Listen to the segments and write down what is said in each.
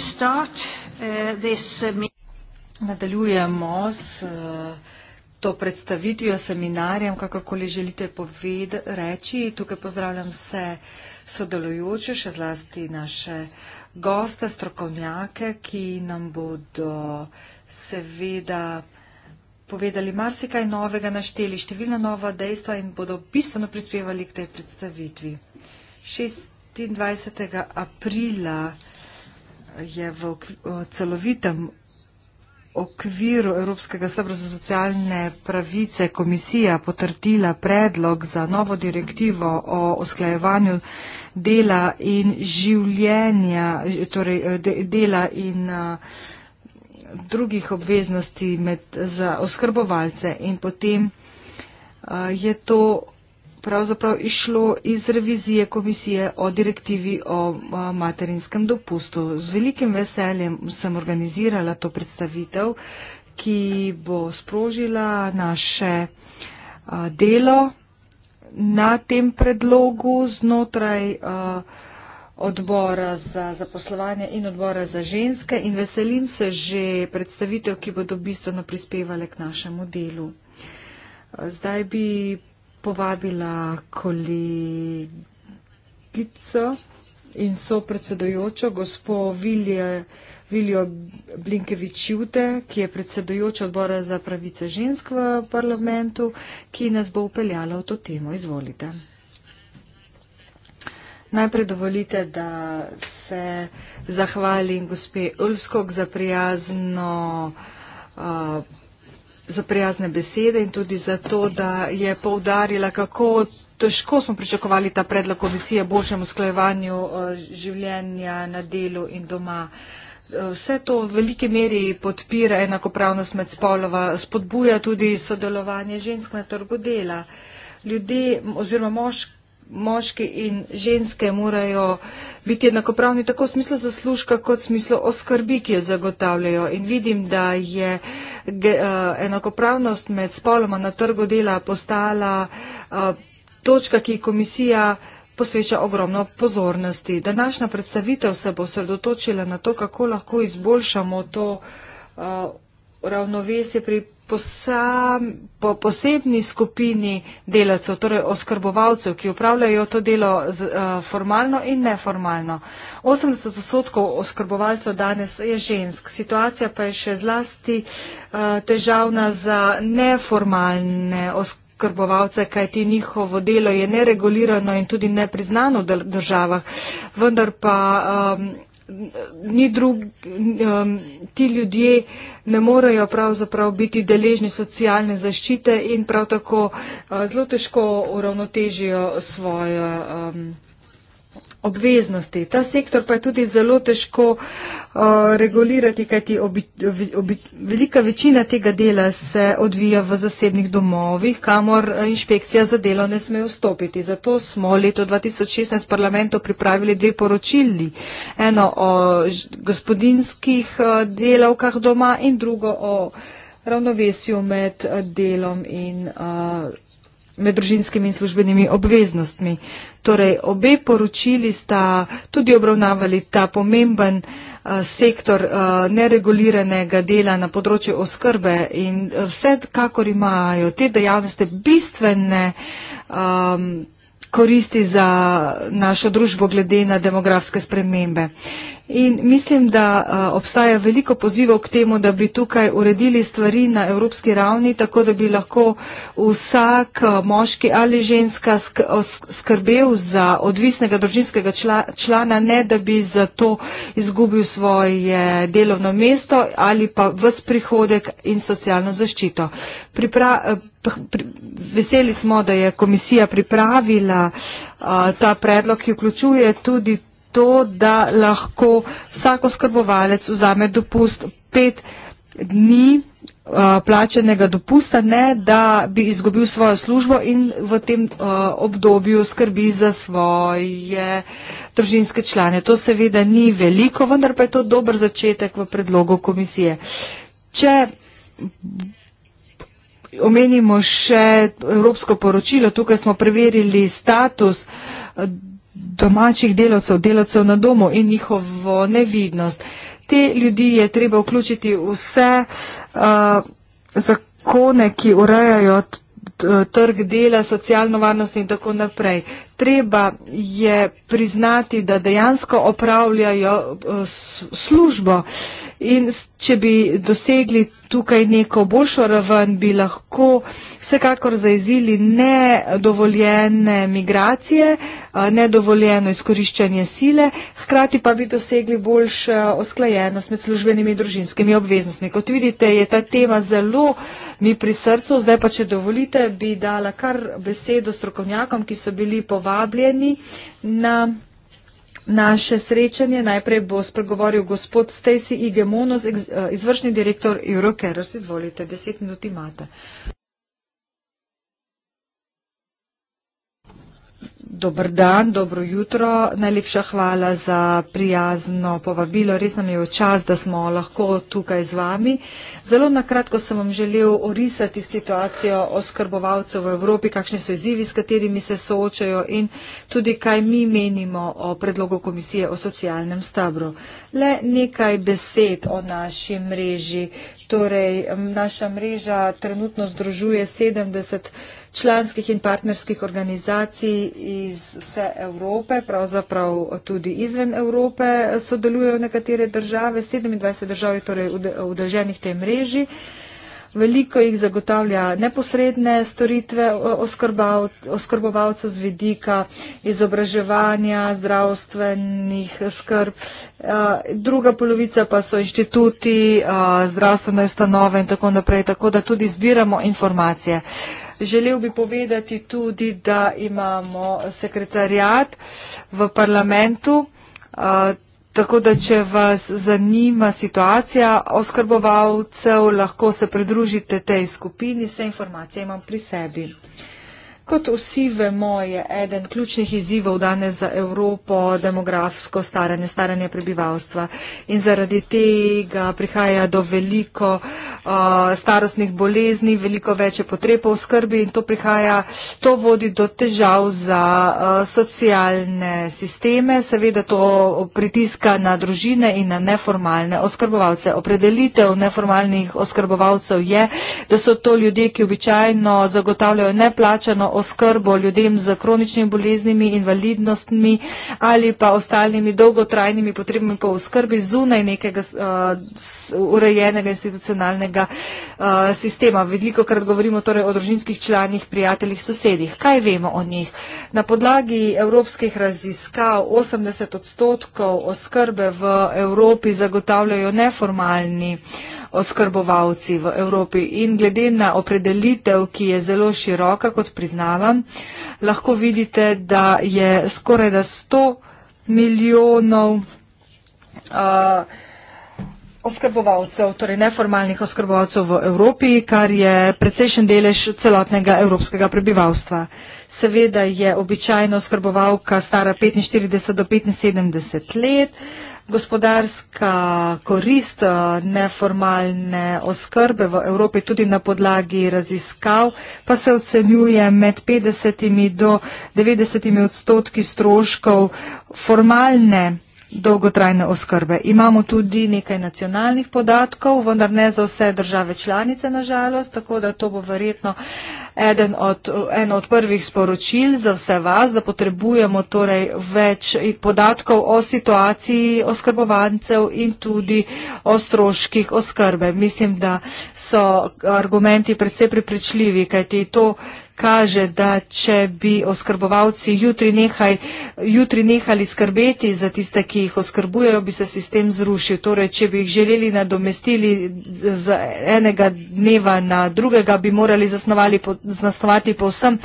start, uh, this, uh, Nadaljujemo s uh, to predstavitvijo, seminarjem, kakorkoli želite poved, reči. Tukaj pozdravljam vse sodelujoče, še zlasti naše goste, strokovnjake, ki nam bodo seveda povedali marsikaj novega, našteli številna nova dejstva in bodo bistveno prispevali k tej predstavitvi. 26. aprila je v celovitem okviru Evropskega stebra za socialne pravice komisija potrdila predlog za novo direktivo o usklajevanju dela in življenja, torej de, dela in drugih obveznosti med, za oskrbovalce in potem uh, je to pravzaprav išlo iz revizije komisije o direktivi o materinskem dopustu. Z velikim veseljem sem organizirala to predstavitev, ki bo sprožila naše delo na tem predlogu znotraj odbora za zaposlovanje in odbora za ženske in veselim se že predstavitev, ki bodo bistveno prispevale k našemu delu. Zdaj bi povabila kolegico in so predsedojočo gospo Vilje, Viljo Blinkevičjute, ki je predsedojoča odbora za pravice žensk v parlamentu, ki nas bo upeljala v to temo. Izvolite. Najprej dovolite, da se zahvalim gospe Ulskog za prijazno uh, za prijazne besede in tudi za to, da je poudarila, kako težko smo pričakovali ta predlog komisije boljšemu sklajevanju eh, življenja na delu in doma. Eh, vse to v veliki meri podpira enakopravnost med spolova, spodbuja tudi sodelovanje žensk na trgu dela. Ljudje oziroma moški moški in ženske morajo biti enakopravni tako v smislu zaslužka, kot v smislu oskrbi, ki jo zagotavljajo. In vidim, da je eh, enakopravnost med spoloma na trgu dela postala eh, točka, ki komisija posveča ogromno pozornosti. Današnja predstavitev se bo sredotočila na to, kako lahko izboljšamo to eh, ravnovesje pri posam, po posebni skupini delavcev, torej oskrbovalcev, ki upravljajo to delo z, uh, formalno in neformalno. 80 odstotkov oskrbovalcev danes je žensk. Situacija pa je še zlasti uh, težavna za neformalne oskrbovalce kaj ti njihovo delo je neregulirano in tudi nepriznano v državah. Vendar pa um, ni drug, um, ti ljudje ne morejo pravzaprav biti deležni socialne zaščite in prav tako uh, zelo težko uravnotežijo svoje. Um, obveznosti. Ta sektor pa je tudi zelo težko uh, regulirati, kajti obi, obi, velika večina tega dela se odvija v zasebnih domovih, kamor inšpekcija za delo ne sme vstopiti. Zato smo leto 2016 v parlamentu pripravili dve poročili. Eno o gospodinskih uh, delavkah doma in drugo o ravnovesju med uh, delom in. Uh, med družinskimi in službenimi obveznostmi. Torej, obe poročili sta tudi obravnavali ta pomemben uh, sektor uh, nereguliranega dela na področju oskrbe in eh, vse, kakor imajo te dejavnosti, bistvene um, koristi za našo družbo glede na demografske spremembe. In mislim, da a, obstaja veliko pozivov k temu, da bi tukaj uredili stvari na evropski ravni, tako da bi lahko vsak a, moški ali ženska sk skrbel za odvisnega družinskega čla člana, ne da bi zato izgubil svoje delovno mesto ali pa ves prihodek in socialno zaščito. Pripra Veseli smo, da je komisija pripravila a, ta predlog, ki vključuje tudi to, da lahko vsak oskrbovalec vzame dopust pet dni eh, plačenega dopusta, ne da bi izgubil svojo službo in v tem uh, obdobju skrbi za svoje družinske člane. To seveda ni veliko, vendar pa je to dober začetek v predlogu komisije. Če omenimo še Evropsko poročilo, tukaj smo preverili status. Uh, domačih delavcev, delavcev na domu in njihovo nevidnost. Te ljudi je treba vključiti vse uh, zakone, ki urejajo trg dela, socialno varnost in tako naprej treba je priznati, da dejansko opravljajo eh, službo. In če bi dosegli tukaj neko boljšo raven, bi lahko vsekakor zaezili nedovoljene migracije, eh, nedovoljeno izkoriščanje sile, hkrati pa bi dosegli boljšo osklajenost med službenimi in družinskimi obveznostmi. Kot vidite, je ta tema zelo mi pri srcu. Zdaj pa, če dovolite, bi dala kar besedo strokovnjakom, ki so bili povabljeni povabljeni na naše srečanje. Najprej bo spregovoril gospod Stacy Igemonos, eh, izvršni direktor Eurocarers. Izvolite, deset minut imate. Dobr dan, dobro jutro. Najlepša hvala za prijazno povabilo. Res nam je v čas, da smo lahko tukaj z vami. Zelo nakratko sem vam želel orisati situacijo oskrbovalcev v Evropi, kakšni so izzivi, s katerimi se soočajo in tudi kaj mi menimo o predlogu komisije o socialnem stabru. Le nekaj besed o naši mreži. Torej, naša mreža trenutno združuje 70 članskih in partnerskih organizacij iz vse Evrope, pravzaprav tudi izven Evrope sodelujejo nekatere države, 27 držav je torej udeženih tej mreži. Veliko jih zagotavlja neposredne storitve oskrbovalcev z vidika izobraževanja, zdravstvenih skrb. Druga polovica pa so inštituti, zdravstvene ustanove in tako naprej, tako da tudi zbiramo informacije. Želel bi povedati tudi, da imamo sekretarjat v parlamentu, tako da če vas zanima situacija oskrbovalcev, lahko se pridružite tej skupini, vse informacije imam pri sebi. Kot vsi vemo, je eden ključnih izzivov danes za Evropo demografsko staranje, staranje prebivalstva. In zaradi tega prihaja do veliko uh, starostnih bolezni, veliko večje potrebe v skrbi in to, prihaja, to vodi do težav za uh, socialne sisteme. Seveda to pritiska na družine in na neformalne oskrbovalce. Opredelitev neformalnih oskrbovalcev je, da so to ljudje, ki običajno zagotavljajo neplačano oskrbovalce oskrbo ljudem z kroničnimi boleznimi, invalidnostmi ali pa ostalimi dolgotrajnimi potrebami po oskrbi zunaj nekega uh, urejenega institucionalnega uh, sistema. Veliko krat govorimo torej o družinskih članih, prijateljih, sosedih. Kaj vemo o njih? Na podlagi evropskih raziskav 80 odstotkov oskrbe v Evropi zagotavljajo neformalni uh, oskrbovalci v Evropi. In glede na opredelitev, ki je zelo široka, kot priznavam, lahko vidite, da je skoraj da 100 milijonov uh, oskrbovalcev, torej neformalnih oskrbovalcev v Evropi, kar je precejšen delež celotnega evropskega prebivalstva. Seveda je običajno oskrbovalka stara 45 do 75 let gospodarska korist eh, neformalne oskrbe v Evropi tudi na podlagi raziskav, pa se ocenjuje med 50 do 90 odstotki stroškov formalne oskrbe dolgotrajne oskrbe. Imamo tudi nekaj nacionalnih podatkov, vendar ne za vse države članice nažalost, tako da to bo verjetno eden od, eno od prvih sporočil za vse vas, da potrebujemo torej več podatkov o situaciji oskrbovancev in tudi o stroških oskrbe. Mislim, da so argumenti predvsej pripričljivi, kajti to kaže, da če bi oskrbovalci jutri, nehaj, jutri nehali skrbeti za tiste, ki jih oskrbujejo, bi se sistem zrušil. Torej, če bi jih želeli nadomestili z enega dneva na drugega, bi morali zasnovati povsem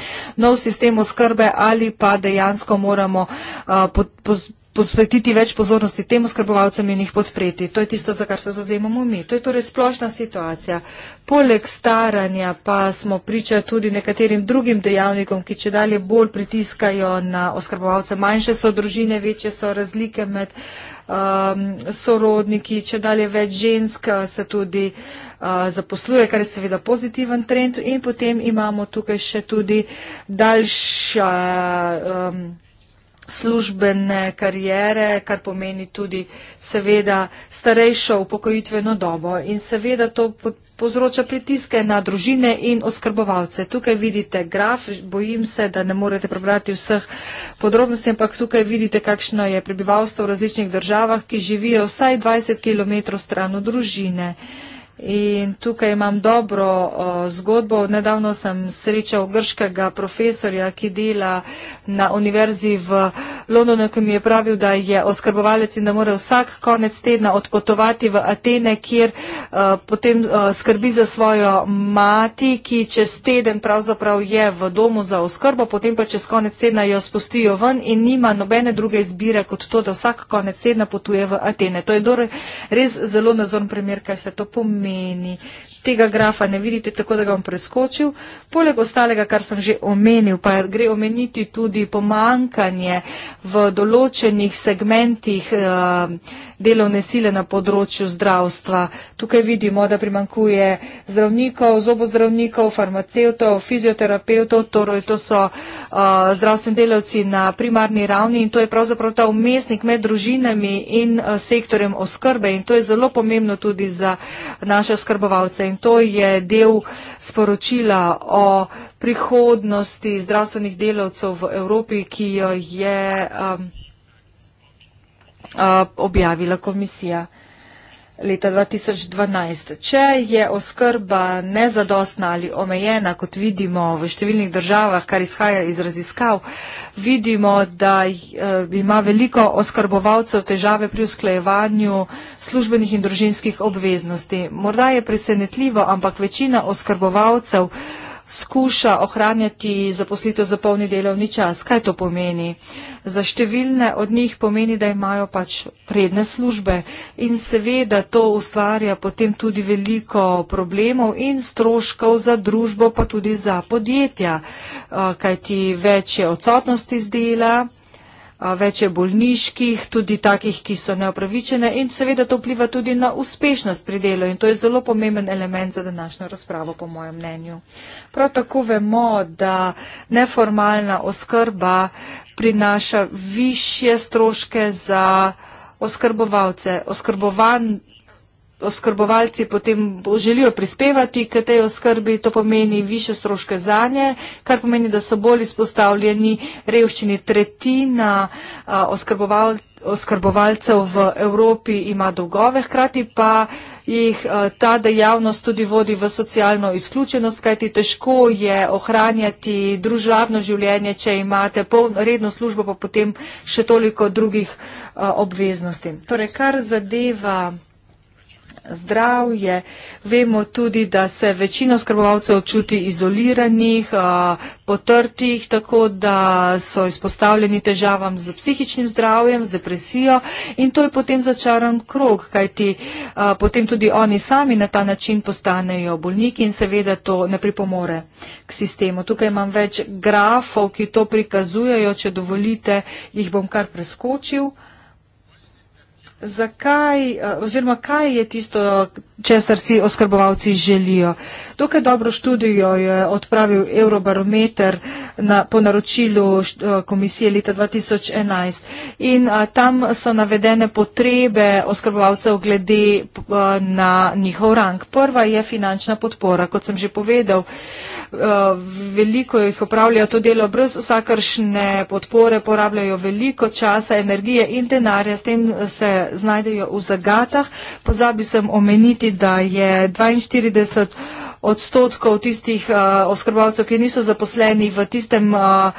nov sistem oskrbe ali pa dejansko moramo uh, pod. pod posvetiti več pozornosti tem oskrbovalcem in jih podpreti. To je tisto, za kar se zauzemamo mi. To je torej splošna situacija. Poleg staranja pa smo priča tudi nekaterim drugim dejavnikom, ki če dalje bolj pritiskajo na oskrbovalce. Manjše so družine, večje so razlike med um, sorodniki, če dalje več žensk uh, se tudi uh, zaposluje, kar je seveda pozitiven trend in potem imamo tukaj še tudi daljša, um, službene karijere, kar pomeni tudi seveda starejšo upokojitveno dobo in seveda to povzroča pritiske na družine in oskrbovalce. Tukaj vidite graf, bojim se, da ne morete prebrati vseh podrobnosti, ampak tukaj vidite, kakšno je prebivalstvo v različnih državah, ki živijo vsaj 20 km stran od družine. In tukaj imam dobro zgodbo. Nedavno sem srečal grškega profesorja, ki dela na univerzi v Londonu, ki mi je pravil, da je oskrbovalec in da mora vsak konec tedna odpotovati v Atene, kjer potem skrbi za svojo mati, ki čez teden pravzaprav je v domu za oskrbo, potem pa čez konec tedna jo spustijo ven in nima nobene druge izbire kot to, da vsak konec tedna potuje v Atene. To je res zelo nazorn primer, kaj se to pomeni pomeni. Tega grafa ne vidite, tako da ga bom preskočil. Poleg ostalega, kar sem že omenil, pa gre omeniti tudi pomankanje v določenih segmentih uh, delovne sile na področju zdravstva. Tukaj vidimo, da primankuje zdravnikov, zobozdravnikov, farmacevtov, fizioterapevtov, torej to so uh, zdravstveni delavci na primarni ravni in to je pravzaprav ta umestnik med družinami in uh, sektorjem oskrbe in to je zelo pomembno tudi za naš naše oskrbovalce. In to je del sporočila o prihodnosti zdravstvenih delavcev v Evropi, ki jo je um, uh, objavila komisija leta 2012. Če je oskrba nezadostna ali omejena, kot vidimo v številnih državah, kar izhaja iz raziskav, vidimo, da eh, ima veliko oskrbovalcev težave pri usklajevanju službenih in družinskih obveznosti. Morda je presenetljivo, ampak večina oskrbovalcev uh, skuša ohranjati zaposlitev za polni delovni čas. Kaj to pomeni? Za številne od njih pomeni, da imajo pač predne službe in seveda to ustvarja potem tudi veliko problemov in stroškov za družbo, pa tudi za podjetja, eh, kajti več je odsotnosti z dela več je bolniških, tudi takih, ki so neopravičene in seveda to vpliva tudi na uspešnost pri delu in to je zelo pomemben element za današnjo razpravo, po mojem mnenju. Prav tako vemo, da neformalna oskrba prinaša više stroške za oskrbovalce. Oskrbovan oskrbovalci potem želijo prispevati k tej oskrbi, to pomeni više stroške za nje, kar pomeni, da so bolj izpostavljeni revščini tretjina oskrbovalcev oskrbovalcev v Evropi ima dolgove, hkrati pa jih ta dejavnost tudi vodi v socialno izključenost, kajti težko je ohranjati družavno življenje, če imate redno službo, pa potem še toliko drugih obveznosti. Torej, kar zadeva zdravje. Vemo tudi, da se večina oskrbovalcev čuti izoliranih, eh, potrtih, tako da so izpostavljeni težavam z psihičnim zdravjem, z depresijo in to je potem začaran krog, kajti eh, potem tudi oni sami na ta način postanejo bolniki in seveda to ne pripomore k sistemu. Tukaj imam več grafov, ki to prikazujejo, če dovolite, jih bom kar preskočil zakaj, eh, oziroma kaj je tisto, česar si oskrbovalci želijo. Dokaj dobro študijo je odpravil Eurobarometer na, po naročilu eh, komisije leta 2011 in a, eh, tam so navedene potrebe oskrbovalcev glede a, eh, na njihov rang. Prva je finančna podpora. Kot sem že povedal, a, veliko jih opravlja to delo brez vsakršne podpore, porabljajo veliko časa, energije in denarja, s tem se znajdejo v zagatah. Pozabil sem omeniti, da je 42 odstotkov tistih uh, oskrbovalcev, ki niso zaposleni v tistem uh,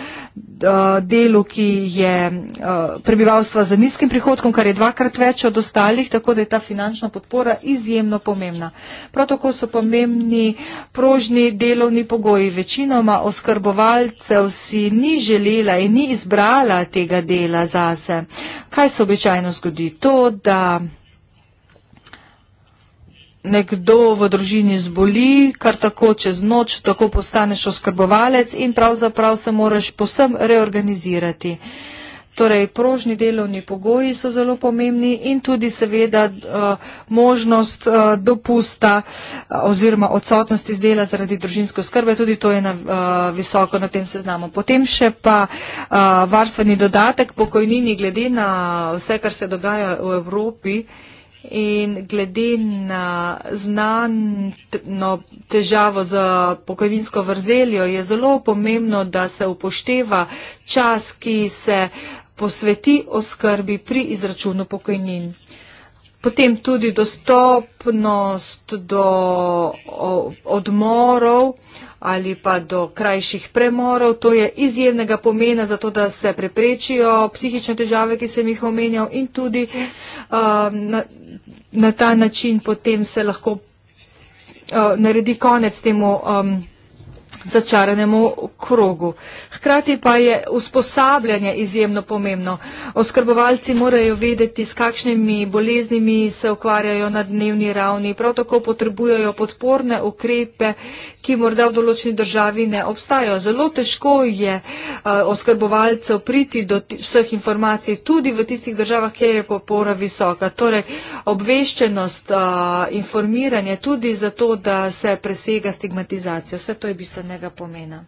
delu, ki je prebivalstva za nizkim prihodkom, kar je dvakrat več od ostalih, tako da je ta finančna podpora izjemno pomembna. Prav tako so pomembni prožni delovni pogoji. Večinoma oskrbovalcev si ni želela in ni izbrala tega dela zase. Kaj se običajno zgodi? To, da nekdo v družini zboli, kar tako čez noč, tako postaneš oskrbovalec in pravzaprav se moraš posem reorganizirati. Torej, prožni delovni pogoji so zelo pomembni in tudi seveda eh, možnost eh, dopusta eh, oziroma odsotnosti z dela zaradi družinske skrbe, tudi to je na, visoko na tem seznamu. Potem še pa varstveni dodatek pokojnini glede na vse, kar se dogaja v Evropi in glede na znano težavo z pokojninsko vrzeljo je zelo pomembno, da se upošteva čas, ki se posveti oskrbi pri izračunu pokojnin. Potem tudi dostopnost do odmorov ali pa do krajših premorov. To je izjemnega pomena za to, da se preprečijo psihične težave, ki sem jih omenjal, in tudi uh, na ta način potem se lahko uh, naredi konec temu um, začaranemu krogu. Hkrati pa je usposabljanje izjemno pomembno. Oskrbovalci morajo vedeti, s kakšnimi boleznimi se ukvarjajo na dnevni ravni. Prav tako potrebujejo podporne ukrepe, ki morda v določeni državi ne obstajajo. Zelo težko je eh, oskrbovalcev priti do vseh informacij, tudi v tistih državah, kjer je popora visoka. Torej, obveščenost, eh, informiranje tudi zato, da se presega stigmatizacijo. Vse to je bistvo ne posebnega pomena.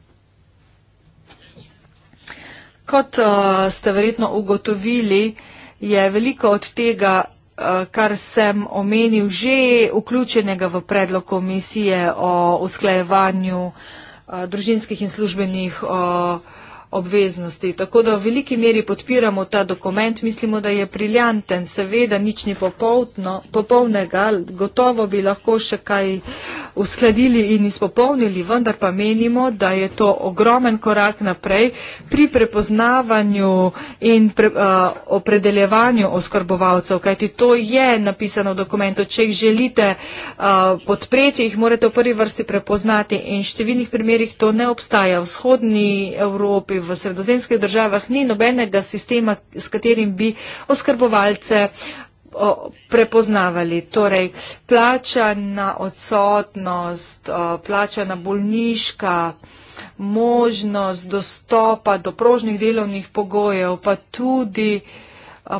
Kot uh, ste verjetno ugotovili, je veliko od tega, uh, kar sem omenil, že vključenega v predlog komisije o usklajevanju uh, družinskih in službenih uh, obveznosti. Tako da v veliki meri podpiramo ta dokument, mislimo, da je briljanten, seveda nič ni popolno, popolnega, gotovo bi lahko še kaj uskladili in izpopolnili, vendar pa menimo, da je to ogromen korak naprej pri prepoznavanju in pre, uh, opredeljevanju oskrbovalcev, kajti to je napisano v dokumentu. Če jih želite uh, podpreti, jih morate v prvi vrsti prepoznati in v številnih primerjih to ne obstaja. V vzhodni Evropi, pravi, v sredozemskih državah ni nobenega sistema, s katerim bi oskrbovalce prepoznavali. Torej, plača na odsotnost, plača na bolniška, možnost dostopa do prožnih delovnih pogojev, pa tudi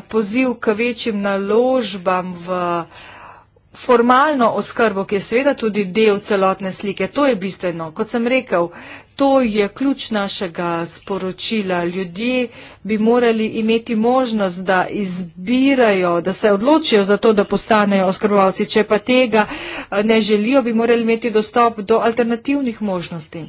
poziv k večjim naložbam v formalno oskrbo, ki je seveda tudi del celotne slike. To je bistveno. Kot sem rekel, to je ključ našega sporočila. Ljudje bi morali imeti možnost, da izbirajo, da se odločijo za to, da postanejo oskrbovalci. Če pa tega eh, ne želijo, bi morali imeti dostop do alternativnih možnosti.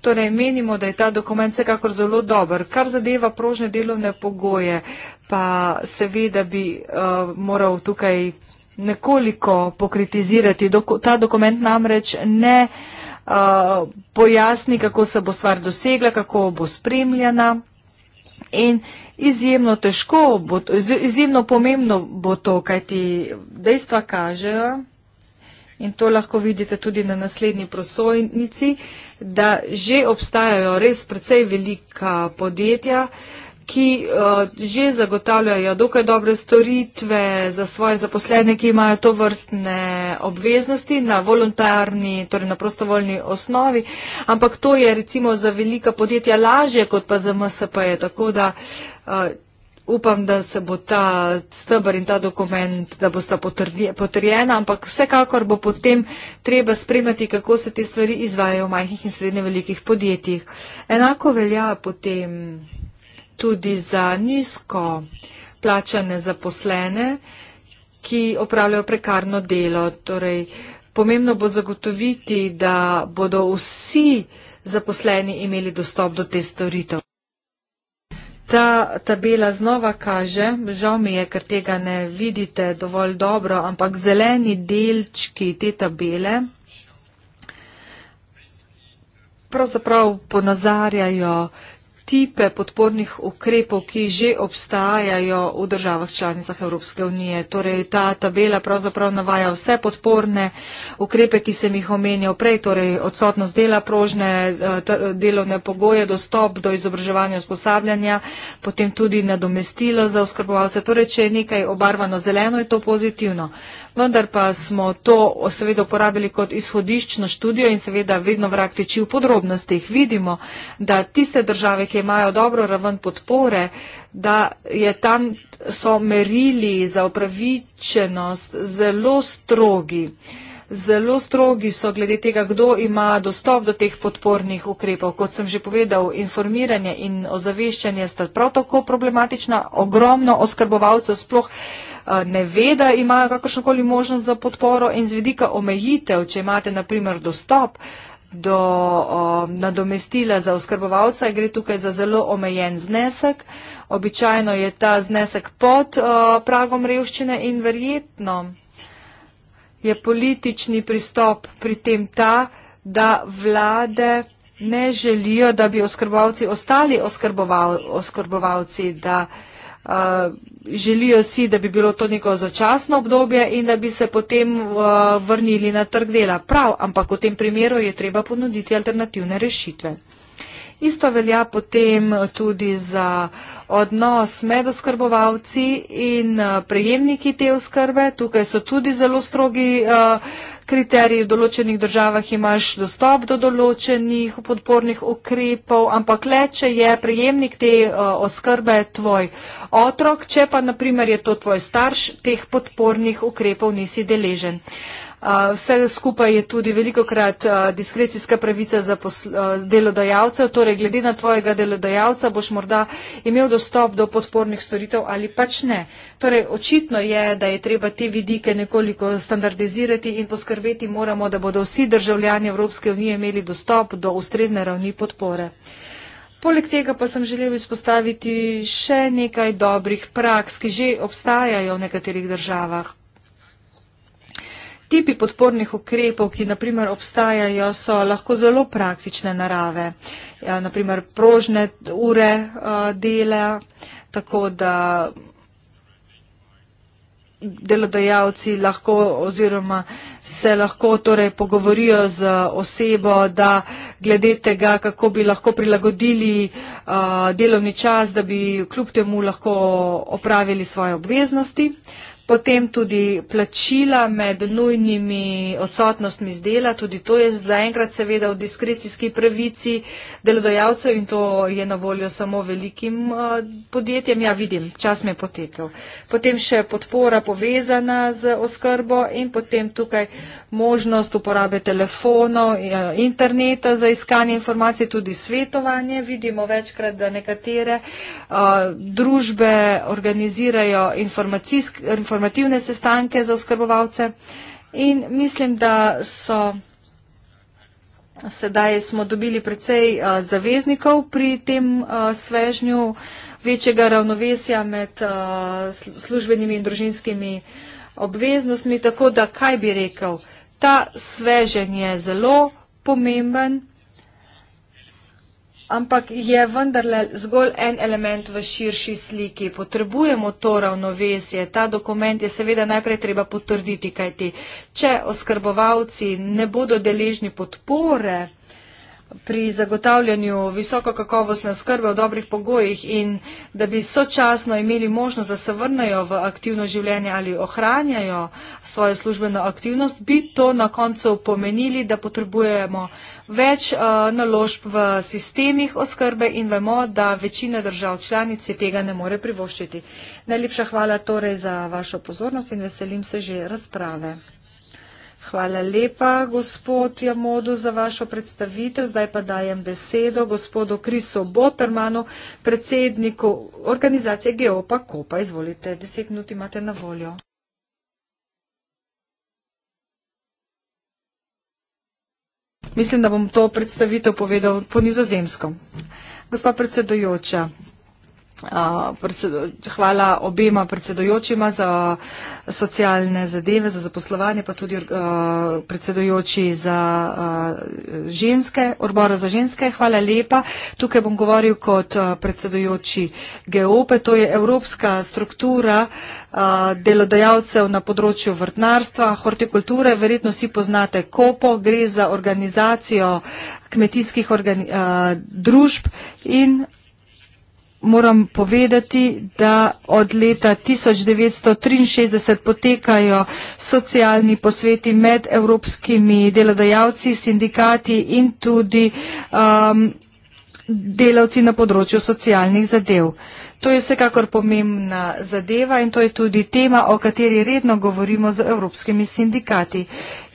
Torej, menimo, da je ta dokument vsekakor zelo dober. Kar zadeva prožne delovne pogoje, pa seveda bi uh, moral tukaj nekoliko pokritizirati. Dok ta dokument namreč ne. Uh, pojasni, kako se bo stvar dosegla, kako bo spremljena. In izjemno težko bo, izjemno pomembno bo to, kaj ti dejstva kažejo. In to lahko vidite tudi na naslednji prosojnici, da že obstajajo res precej velika podjetja, uh, ki uh, že zagotavljajo dokaj dobre storitve za svoje zaposlene, ki imajo to vrstne obveznosti na voluntarni, torej na prostovoljni osnovi, ampak to je recimo za velika podjetja lažje, kot pa za MSP. -je. Tako da uh, upam, da se bo ta stebr in ta dokument, da bo sta potrjena, ampak vsekakor bo potem treba spremljati, kako se te stvari izvajajo v majhnih in srednje velikih podjetjih. Enako velja potem tudi za nizko plačane zaposlene, ki opravljajo prekarno delo. Torej, pomembno bo zagotoviti, da bodo vsi zaposleni imeli dostop do te storitev. Ta tabela znova kaže, žal mi je, ker tega ne vidite dovolj dobro, ampak zeleni delčki te tabele pravzaprav ponazarjajo tipe podpornih ukrepov, ki že obstajajo v državah članicah Evropske unije. Torej, ta tabela pravzaprav navaja vse podporne ukrepe, ki sem jih omenjal prej, torej odsotnost dela, prožne eh, delovne pogoje, dostop do izobraževanja in usposabljanja, potem tudi nadomestilo za oskrbovalce. Torej, če je nekaj obarvano zeleno, je to pozitivno vendar pa smo to seveda uporabili kot izhodiščno študijo in seveda vedno vrag teči v podrobnostih. Vidimo, da tiste države, ki imajo dobro raven podpore, da je tam so merili za upravičenost zelo strogi. Zelo strogi so glede tega, kdo ima dostop do teh podpornih ukrepov. Kot sem že povedal, informiranje in ozaveščanje sta prav tako problematična. Ogromno oskrbovalcev sploh eh, ne ve, da imajo kakršnokoli možnost za podporo in z vidika omejitev, če imate naprimer dostop do um, nadomestila za oskrbovalca, gre tukaj za zelo omejen znesek. Običajno je ta znesek pod uh, pragom revščine in verjetno je politični pristop pri tem ta, da vlade ne želijo, da bi oskrbovalci ostali oskrbovalci, da uh, želijo si, da bi bilo to neko začasno obdobje in da bi se potem uh, vrnili na trg dela. Prav, ampak v tem primeru je treba ponuditi alternativne rešitve. Isto velja potem tudi za odnos med oskrbovalci in eh, prejemniki te oskrbe. Tukaj so tudi zelo strogi eh, kriteriji. V določenih državah imaš dostop do določenih podpornih ukrepov, ampak le, če je prejemnik te eh, oskrbe tvoj otrok, če pa naprimer je to tvoj starš, teh podpornih ukrepov nisi deležen. Vse skupaj je tudi veliko krat diskrecijska pravica za delodajalce, torej glede na tvojega delodajalca boš morda imel dostop do podpornih storitev ali pač ne. Torej, očitno je, da je treba te vidike nekoliko standardizirati in poskrbeti moramo, da bodo vsi državljani Evropske unije imeli dostop do ustrezne ravni podpore. Poleg tega pa sem želel izpostaviti še nekaj dobrih praks, ki že obstajajo v nekaterih državah. Tipi podpornih ukrepov, ki naprimer obstajajo, so lahko zelo praktične narave. Ja, naprimer prožne ure eh, dela, tako da delodajalci lahko oziroma se lahko torej pogovorijo z osebo, da glede tega, kako bi lahko prilagodili uh, delovni čas, da bi kljub temu lahko opravili svoje obveznosti. Uh, Potem tudi plačila med nujnimi odsotnostmi z dela, tudi to je zaenkrat seveda v diskrecijski pravici delodajalcev in to je na voljo samo velikim eh, podjetjem. Ja, vidim, čas me je potekel. Potem še podpora povezana z oskrbo in potem tukaj možnost uporabe telefonov, eh, interneta za iskanje informacij, tudi svetovanje. Vidimo večkrat, da nekatere eh, družbe organizirajo informacijske informacij informativne sestanke za oskrbovalce in mislim, da so sedaj smo dobili precej uh, zaveznikov pri tem uh, svežnju večjega ravnovesja med uh, službenimi in družinskimi obveznostmi, tako da kaj bi rekel, ta svežen je zelo pomemben ampak je vendarle zgolj en element v širši sliki. Potrebujemo to ravnovesje. Ta dokument je seveda najprej treba potrditi, kajti če oskrbovalci ne bodo deležni podpore, pri zagotavljanju visoko kakovostne oskrbe v dobrih pogojih in da bi sočasno imeli možnost, da se vrnejo v aktivno življenje ali ohranjajo svojo službeno aktivnost, bi to na koncu pomenili, da potrebujemo več eh, naložb v sistemih oskrbe in vemo, da večina držav članice tega ne more privoščiti. Najlepša hvala torej za vašo pozornost in veselim se že razprave. Hvala lepa, gospod Jamodu, za vašo predstavitev. Zdaj pa dajem besedo gospodu Krisu Botermanu, predsedniku organizacije Geopa Kopa. Izvolite, deset minut imate na voljo. Mislim, da bom to predstavitev povedal po nizozemsko. Gospa predsedujoča, Uh, hvala obema predsedojočima za socialne zadeve, za zaposlovanje, pa tudi uh, predsedojoči za uh, ženske, odbora za ženske. Hvala lepa. Tukaj bom govoril kot predsedojoči GEOPE. To je Evropska struktura delodajalcev na področju vrtnarstva, hortikulture. Verjetno vsi poznate KOPO. Gre za organizacijo kmetijskih družb in organizacijo moram povedati, da od leta 1963 potekajo socialni posveti med evropskimi delodajalci, sindikati in tudi um, delavci na področju socialnih zadev. To je vsekakor pomembna zadeva in to je tudi tema, o kateri redno govorimo z evropskimi sindikati.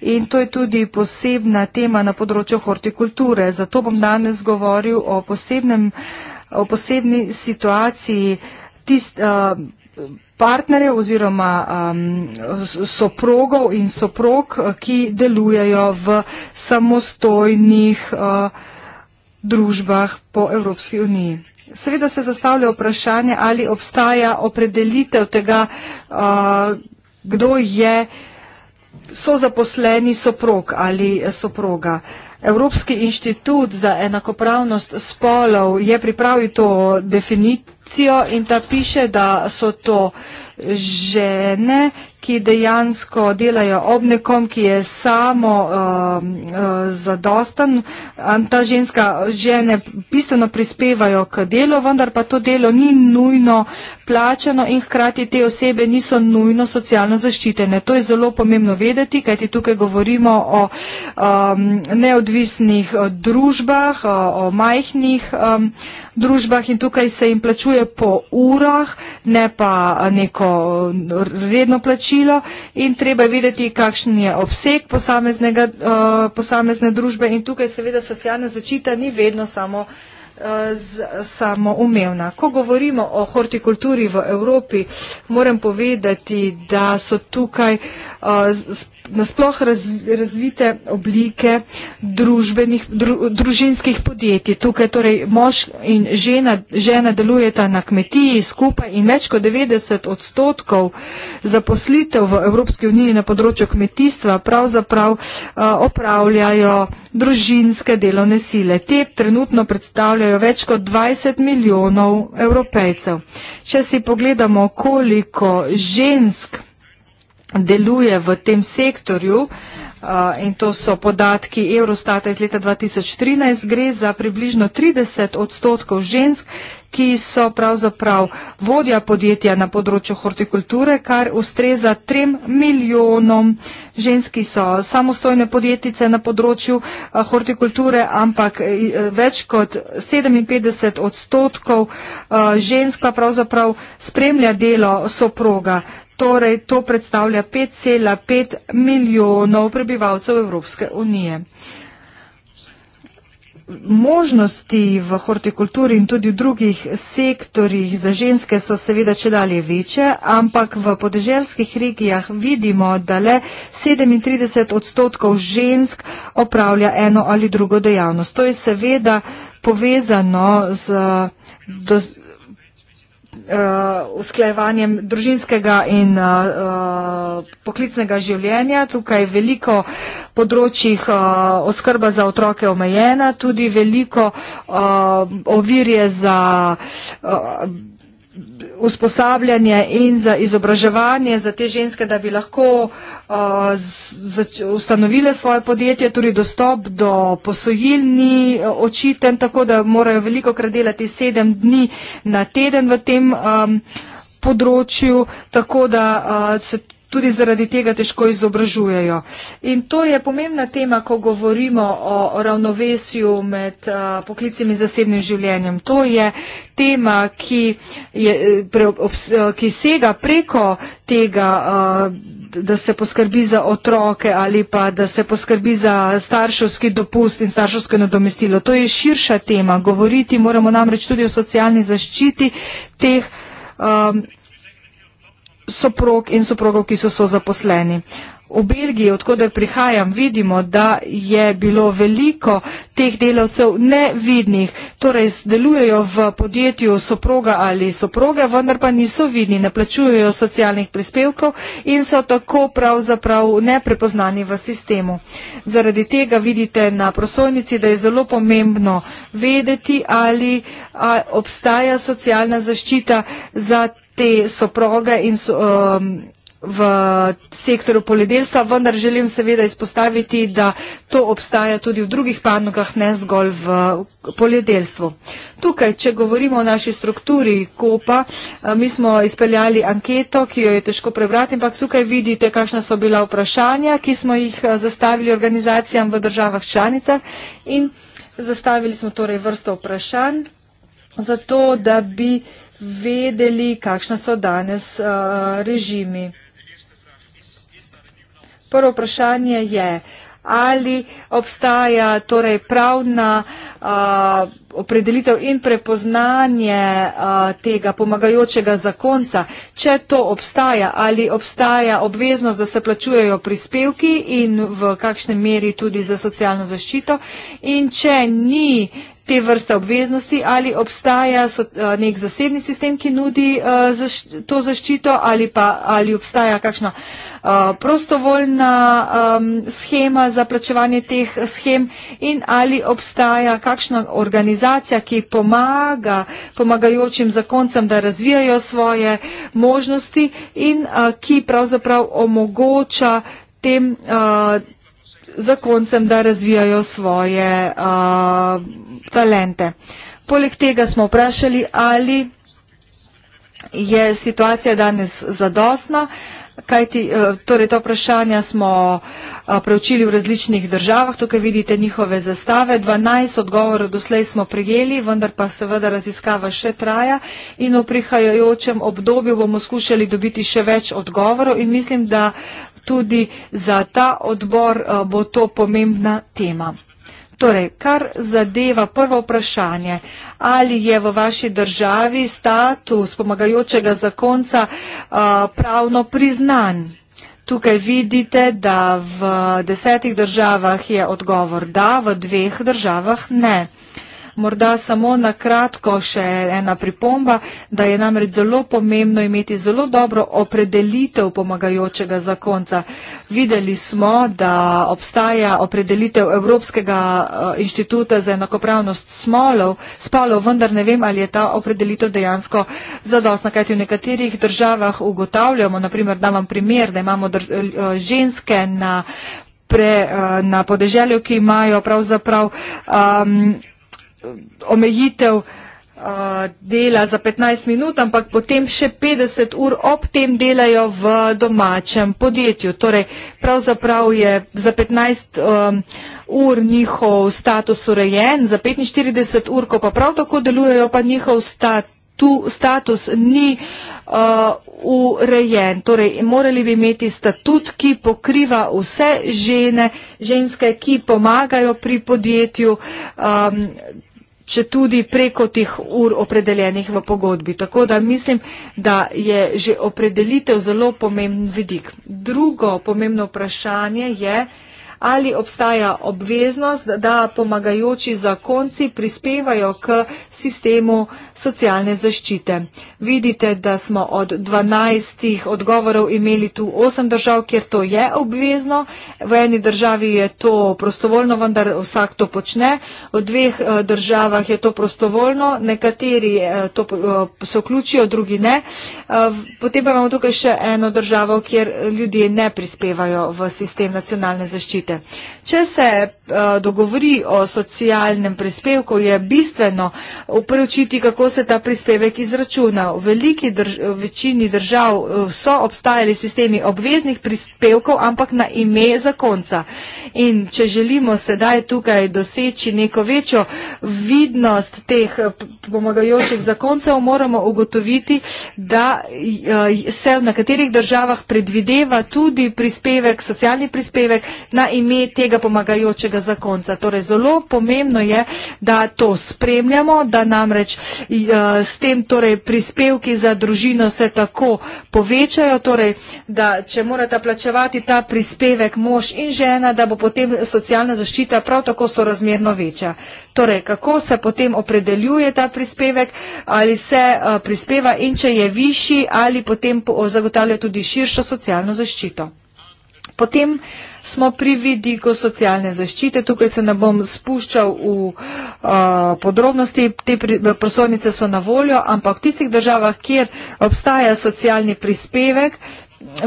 In to je tudi posebna tema na področju hortikulture. Zato bom danes govoril o posebnem uh, v posebni situaciji tist, uh, partnerjev oziroma um, soprogov in soprog, eh, ki delujejo v samostojnih uh, družbah po Evropski uniji. Seveda se zastavlja vprašanje, ali obstaja opredelitev tega, uh, kdo je so zaposleni soprog ali soproga. Uh, Evropski inštitut za enakopravnost spolov je pripravil to definicijo in ta piše, da so to žene, ki dejansko delajo ob nekom, ki je samo um, uh, uh, zadostan. Ta ženska žene bistveno prispevajo k delu, vendar pa to delo ni nujno plačano in hkrati te osebe niso nujno socialno zaščitene. To je zelo pomembno vedeti, kajti tukaj govorimo o um, neodvisnih uh, družbah, o, o majhnih um, družbah in tukaj se jim plačuje po urah, ne pa uh, neko uh, redno plačilo plačilo in treba je videti, kakšen je obseg posameznega, uh, posamezne družbe in tukaj seveda socialna začita ni vedno samo eh, samoumevna. Ko govorimo o hortikulturi v Evropi, moram povedati, da so tukaj uh, nasploh razvite oblike družbenih, dru, družinskih podjetij. Tukaj torej mož in žena, žena delujeta na kmetiji skupaj in več kot 90 odstotkov zaposlitev v Evropski uniji na področju kmetijstva pravzaprav uh, opravljajo družinske delovne sile. Te trenutno predstavljajo več kot 20 milijonov evropejcev. Če si pogledamo, koliko žensk deluje v tem sektorju eh, in to so podatki Eurostata iz leta 2013, gre za približno 30 odstotkov žensk, ki so pravzaprav vodja podjetja na področju hortikulture, kar ustreza 3 milijonom ženski so samostojne podjetnice na področju eh, hortikulture, ampak eh, več kot 57 odstotkov ženska pravzaprav spremlja delo soproga. Torej, to predstavlja 5,5 milijonov prebivalcev Evropske unije. Možnosti v hortikulturi in tudi v drugih sektorjih za ženske so seveda če dalje večje, ampak v podeželskih regijah vidimo, da le 37 odstotkov žensk opravlja eno ali drugo dejavnost. To je seveda povezano z. Dos, uh, usklajevanjem družinskega in uh, poklicnega življenja. Tukaj veliko področjih uh, oskrba za otroke omejena, tudi veliko uh, ovirje za. Uh, usposabljanje in za izobraževanje za te ženske, da bi lahko uh, z, zač, ustanovile svoje podjetje, tudi dostop do posojil ni uh, očiten, tako da morajo veliko krat delati sedem dni na teden v tem um, področju, tako da uh, se tudi zaradi tega težko izobražujejo. In to je pomembna tema, ko govorimo o ravnovesju med uh, poklicem in zasebnim življenjem. To je tema, ki, je, e, pre, obs, e, ki sega preko tega, uh, da se poskrbi za otroke ali pa da se poskrbi za starševski dopust in starševsko nadomestilo. To je širša tema. Govoriti moramo namreč tudi o socialni zaščiti teh. Um, soprog in soprogov, ki so so zaposleni. V Belgiji, odkuder prihajam, vidimo, da je bilo veliko teh delavcev nevidnih, torej delujejo v podjetju soproga ali soproge, vendar pa niso vidni, ne plačujejo socialnih prispevkov in so tako pravzaprav neprepoznani v sistemu. Zaradi tega vidite na prosojnici, da je zelo pomembno vedeti, ali obstaja socialna zaščita za te soproge in so, um, v sektoru poljedelstva, vendar želim seveda izpostaviti, da to obstaja tudi v drugih panogah, ne zgolj v poljedelstvu. Tukaj, če govorimo o naši strukturi kopa, eh, mi smo izpeljali anketo, ki jo je težko prebrati, ampak tukaj vidite, kakšna so bila vprašanja, ki smo jih eh, zastavili organizacijam v državah članicah in zastavili smo torej vrsto vprašanj, zato da bi vedeli, kakšna so danes eh, režimi. Prvo vprašanje je, ali obstaja torej pravna eh, opredelitev in prepoznanje eh, tega pomagajočega zakonca, če to obstaja, ali obstaja obveznost, da se plačujejo prispevki in v kakšnem meri tudi za socialno zaščito in če ni te vrste obveznosti, ali obstaja so, eh, nek zasebni sistem, ki nudi uh, zaš, to zaščito, ali pa ali obstaja kakšna uh, prostovoljna um, schema za plačevanje teh schem in ali obstaja kakšna organizacija, ki pomaga pomagajočim zakoncem, da razvijajo svoje možnosti in uh, ki pravzaprav omogoča tem. Uh, zakoncem, da razvijajo svoje uh, talente. Poleg tega smo vprašali, ali je situacija danes zadostna, kajti uh, torej to vprašanje smo uh, preučili v različnih državah, tukaj vidite njihove zastave, 12 odgovorov doslej smo prijeli, vendar pa seveda raziskava še traja in v prihajajočem obdobju bomo skušali dobiti še več odgovorov in mislim, da tudi za ta odbor eh, bo to pomembna tema. Torej, kar zadeva prvo vprašanje, ali je v vaši državi status pomagajočega zakonca eh, pravno priznan? Tukaj vidite, da v desetih državah je odgovor da, v dveh državah ne. Uh, Morda samo na kratko še ena pripomba, da je namreč zelo pomembno imeti zelo dobro opredelitev pomagajočega zakonca. Videli smo, da obstaja opredelitev Evropskega eh, inštituta za enakopravnost smolov, spalo, vendar ne vem, ali je ta opredelitev dejansko zadostna, kajti v nekaterih državah ugotavljamo, naprimer, da vam primer, da imamo eh, ženske na, pre, eh, na podeželju, ki imajo pravzaprav um, Eh, omejitev uh, dela za 15 minut, ampak potem še 50 ur ob tem delajo v domačem podjetju. Torej, pravzaprav je za 15 um, eh, ur njihov status urejen, za 45 ur, ko pa prav tako delujejo, pa njihov status. Tu status ni uh, urejen, torej morali bi imeti statut, ki pokriva vse žene, ženske, ki pomagajo pri podjetju, um, če tudi preko tih ur opredeljenih v pogodbi. Tako da mislim, da je že opredelitev zelo pomemben vidik. Drugo pomembno vprašanje je, ali obstaja obveznost, da pomagajoči zakonci prispevajo k sistemu socialne zaščite. Vidite, da smo od 12 odgovorov imeli tu 8 držav, kjer to je obvezno. V eni državi je to prostovoljno, vendar vsak to počne. V dveh eh, državah je to prostovoljno, nekateri eh, to eh, se vključijo, drugi ne. Potem pa imamo tukaj še eno državo, kjer ljudje ne prispevajo v sistem nacionalne zaščite pridobite. Če se eh, dogovori o socialnem prispevku, je bistveno upreučiti, kako se ta prispevek izračuna. V veliki drž večini držav eh, so obstajali sistemi obveznih prispevkov, ampak na ime zakonca. In če želimo sedaj tukaj doseči neko večjo vidnost teh eh, pomagajočih zakoncev, moramo ugotoviti, da se v nekaterih državah predvideva tudi prispevek, socialni prispevek na ime tega pomagajočega zakonca. Torej, zelo pomembno je, da to spremljamo, da namreč e, s tem torej, prispevki za družino se tako povečajo, torej, da če morata plačevati ta prispevek mož in žena, da bo potem socialna zaščita prav tako sorazmerno večja. Torej, kako se potem opredeljuje ta prispevek, ali se uh, prispeva in če je višji, ali potem zagotavlja tudi širšo socialno zaščito. Potem uh, smo pri vidiku socialne zaščite. Tukaj se ne bom spuščal v uh, podrobnosti, te eh, prosojnice so na voljo, ampak v tistih državah, kjer obstaja socialni prispevek,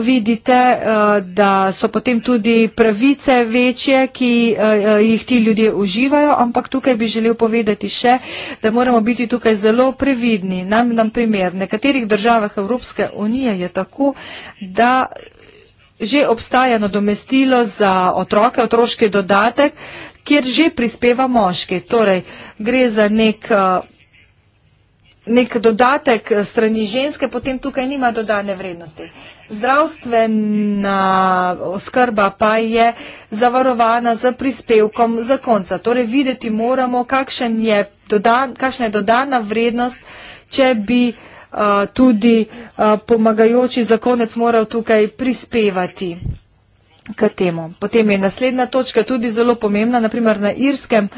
vidite, uh, da so potem tudi pravice večje, ki uh, jih ti ljudje uživajo, ampak tukaj bi želel povedati še, da moramo biti tukaj zelo previdni. Nam, nam primer, v nekaterih državah Evropske unije je tako, da že obstaja nadomestilo za otroke, otroški dodatek, kjer že prispeva moški. Torej, gre za nek, eh, nek dodatek strani ženske, potem tukaj nima dodane vrednosti. Zdravstvena oskrba pa je zavarovana z prispevkom za konca. Torej, videti moramo, je dodan, kakšna je dodana vrednost, če bi uh, Eh, tudi eh, pomagajoči za konec moral tukaj prispevati k temu. Potem je naslednja točka tudi zelo pomembna, naprimer na Irskem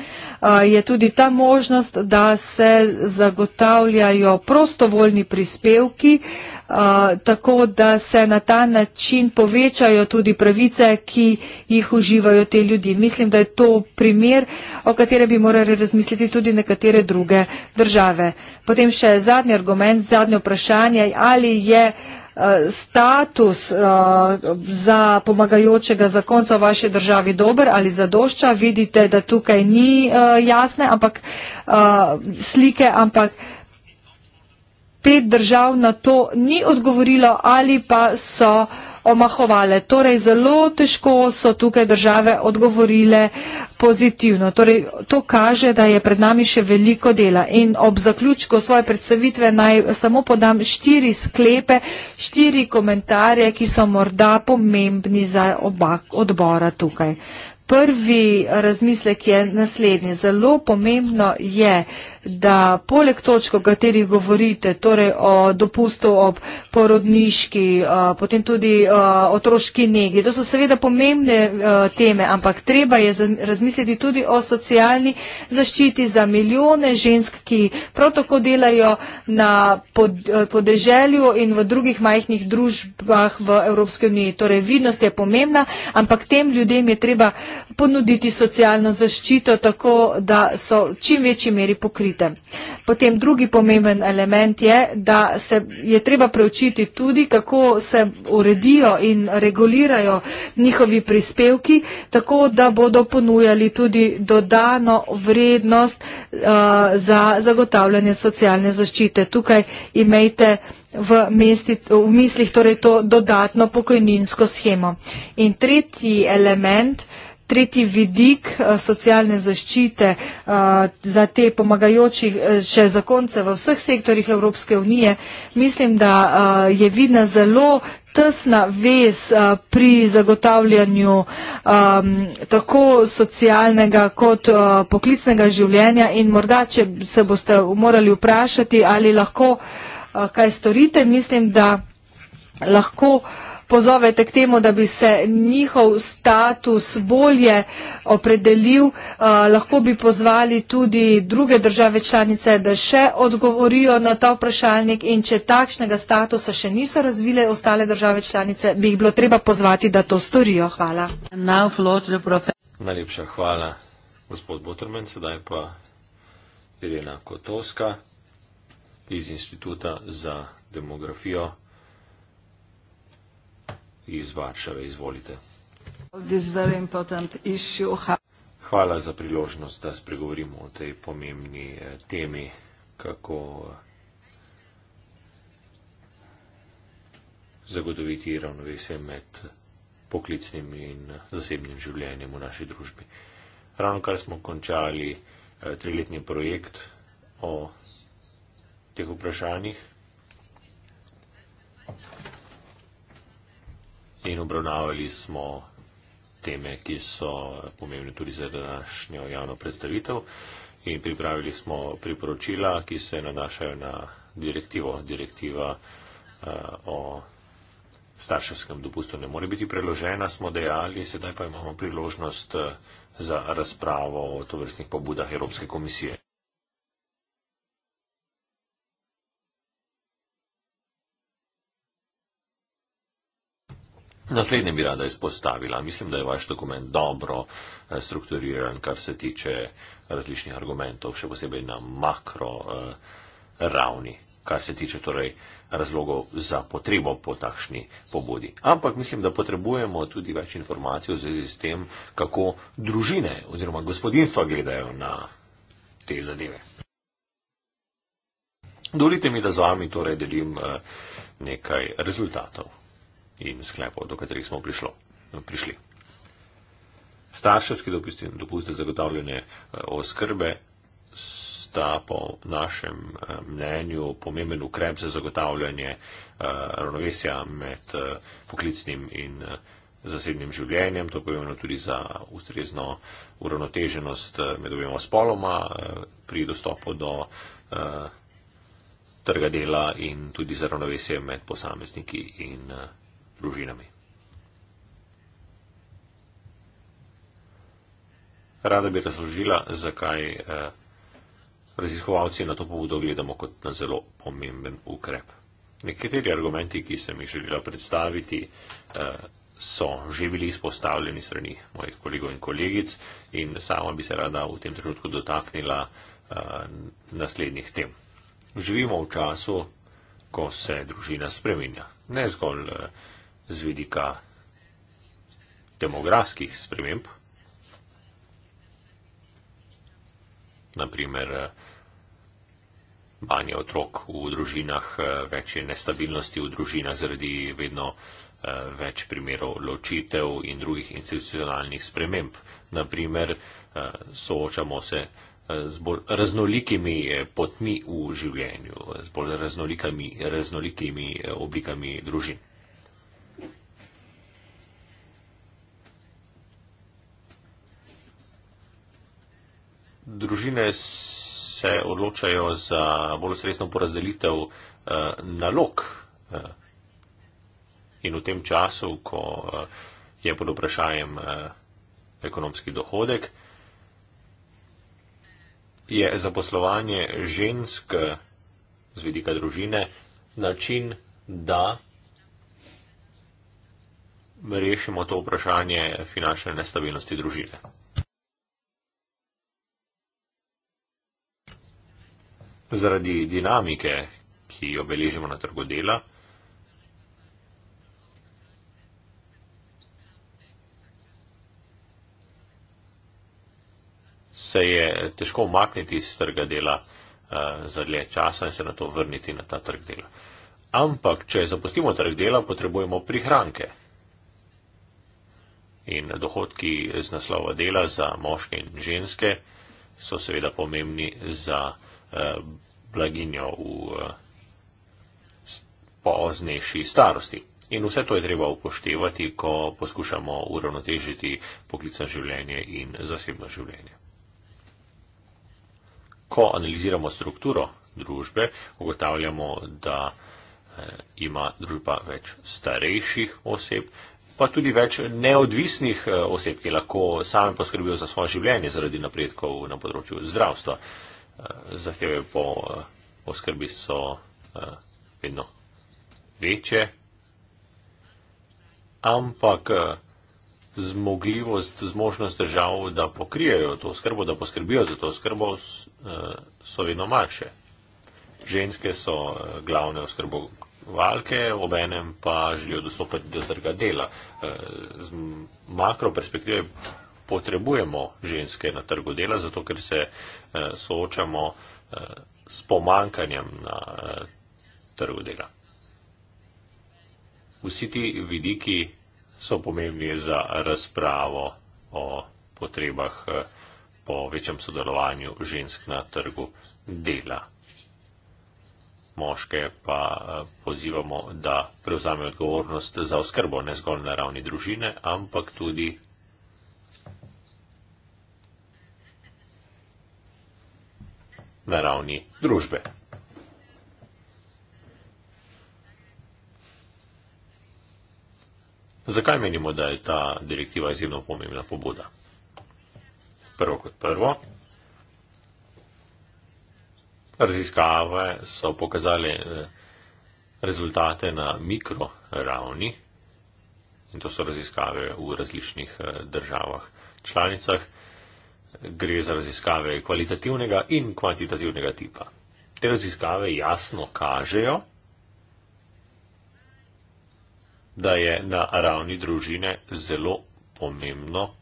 je tudi ta možnost, da se zagotavljajo prostovoljni prispevki, tako da se na ta način povečajo tudi pravice, ki jih uživajo te ljudi. Mislim, da je to primer, o katerem bi morali razmisliti tudi nekatere druge države. Potem še zadnji argument, zadnje vprašanje, ali je uh, Eh, status eh, za pomagajočega zakonca v vaši državi dober ali zadošča. Vidite, da tukaj ni eh, jasne ampak, slike, ampak pet držav na to ni odgovorilo ali pa so omahovale. Torej, zelo težko so tukaj države odgovorile uh, pozitivno. Torej, to kaže, da je pred nami še veliko dela in ob zaključku svoje predstavitve naj samo podam štiri sklepe, štiri komentarje, ki so morda pomembni za oba odbora tukaj. Prvi razmislek je naslednji. Zelo pomembno je, da poleg točk, o katerih govorite, torej o dopustu ob porodniški, eh, potem tudi eh, otroški negi, to so seveda pomembne eh, teme, ampak treba je razmisliti, razmisliti tudi o socialni zaščiti za milijone žensk, ki prav tako delajo na pod, eh, podeželju in v drugih majhnih družbah v Evropski uniji. Torej, vidnost je pomembna, ampak tem ljudem je treba ponuditi socialno zaščito, tako da so v čim večji meri pokrite. Potem drugi pomemben element je, da se je treba preučiti tudi, kako se uredijo in regulirajo njihovi prispevki, tako da bodo ponujali ali tudi dodano vrednost eh, za zagotavljanje socialne zaščite. Tukaj imejte v, mesti, v mislih torej to dodatno pokojninsko schemo. In tretji element, tretji vidik eh, socialne zaščite eh, za te pomagajočih eh, še zakonce v vseh sektorjih Evropske unije, mislim, da je vidna zelo tesna vez pri zagotavljanju ehm, tako socialnega kot poklicnega življenja in morda, če se boste morali vprašati, ali lahko kaj storite, mislim, da lahko vprašati, pozovete k temu, da bi se njihov status bolje opredelil. Eh, lahko bi pozvali tudi druge države članice, da še odgovorijo na ta vprašalnik in če takšnega statusa še niso razvile ostale države članice, bi jih bilo treba pozvati, da to storijo. Hvala. Najlepša hvala, gospod Botrmen, sedaj pa Irena Kotoska iz Inštituta za demografijo iz Varšave. Izvolite. Hvala za priložnost, da spregovorimo o tej pomembni eh, temi, kako eh, zagotoviti ravnovesje med poklicnim in eh, zasebnim življenjem v naši družbi. Ravno kar smo končali triletni projekt o teh vprašanjih, In obravnavali smo teme, ki so pomembne tudi za današnjo javno predstavitev. In pripravili smo priporočila, ki se nanašajo na direktivo. Direktiva uh, o starševskem dopustu ne more biti preložena, smo dejali, sedaj pa imamo priložnost eh, za razpravo o tovrstnih pobudah Evropske komisije. Naslednje bi rada izpostavila. Mislim, da je vaš dokument dobro eh, strukturiran, kar se tiče različnih argumentov, še posebej na makro eh, ravni, kar se tiče torej razlogov za potrebo po takšni pobudi. Ampak mislim, da potrebujemo tudi več informacij v zvezi s tem, kako družine oziroma gospodinstva gledajo na te zadeve. Dovolite mi, da z vami torej delim eh, nekaj rezultatov in sklepov, do katerih smo prišlo, prišli. Starševski dopust in dopust za zagotavljanje eh, oskrbe sta po našem eh, mnenju pomemben ukrep za zagotavljanje eh, ravnovesja med poklicnim in zasebnim življenjem, to pomeni tudi za ustrezno uravnoteženost med obima spoloma pri dostopu do trga dela in tudi za ravnovesje med posamezniki in družinami. Rada bi razložila, zakaj eh, raziskovalci na to pobudo gledamo kot na zelo pomemben ukrep. Nekateri argumenti, ki sem jih želela predstaviti, eh, so že bili izpostavljeni strani mojih kolegov in kolegic in sama bi se rada v tem trenutku dotaknila eh, naslednjih tem. Živimo v času, ko se družina spreminja. Ne zgolj z vidika demografskih sprememb. Naprimer, banje otrok v družinah, večje nestabilnosti v družinah zaradi vedno eh, več primerov ločitev in drugih institucionalnih sprememb. Naprimer, eh, soočamo se eh, z bolj raznolikimi potmi v življenju, z bolj raznolikimi, raznolikimi oblikami družin. družine se odločajo za bolj sredstveno porazdelitev eh, nalog eh, in v tem času, ko eh, je pod vprašanjem eh, ekonomski dohodek, je zaposlovanje žensk eh, z vidika družine način, da rešimo to vprašanje finančne nestabilnosti družine. Zaradi dinamike, ki jo beležimo na trgu dela, se je težko umakniti iz trga dela uh, za dlje časa in se na to vrniti na ta trg dela. Ampak, če zapustimo trg dela, potrebujemo prihranke. In dohodki z naslova dela za moške in ženske so seveda pomembni za. Eh, blaginjo v eh, poznejši starosti. In vse to je treba upoštevati, ko poskušamo uravnotežiti poklicno življenje in zasebno življenje. Ko analiziramo strukturo družbe, ugotavljamo, da eh, ima družba več starejših oseb, pa tudi več neodvisnih oseb, ki lahko same poskrbijo za svoje življenje zaradi napredkov na področju zdravstva zahteve po eh, oskrbi so eh, vedno večje, ampak eh, zmogljivost, zmožnost držav, da pokrijajo to oskrbo, da poskrbijo za to oskrbo, so vedno manjše. Ženske so glavne oskrbovalke, obenem pa želijo dostopati do trga dela. Z makro perspektive potrebujemo ženske na trgu dela, zato ker se eh, soočamo eh, s pomankanjem na eh, trgu dela. Vsi ti vidiki so pomembni za razpravo o potrebah po večjem sodelovanju žensk na trgu dela. Moške pa pozivamo, da prevzame odgovornost za oskrbo ne zgolj na ravni družine, ampak tudi na ravni družbe. Zakaj menimo, da je ta direktiva izjemno pomembna pobuda? Prvo kot prvo, raziskave so pokazali eh, rezultate na mikroravni in to so raziskave v različnih eh, državah članicah gre za raziskave kvalitativnega in kvantitativnega tipa. Te raziskave jasno kažejo, da je na ravni družine zelo pomembno,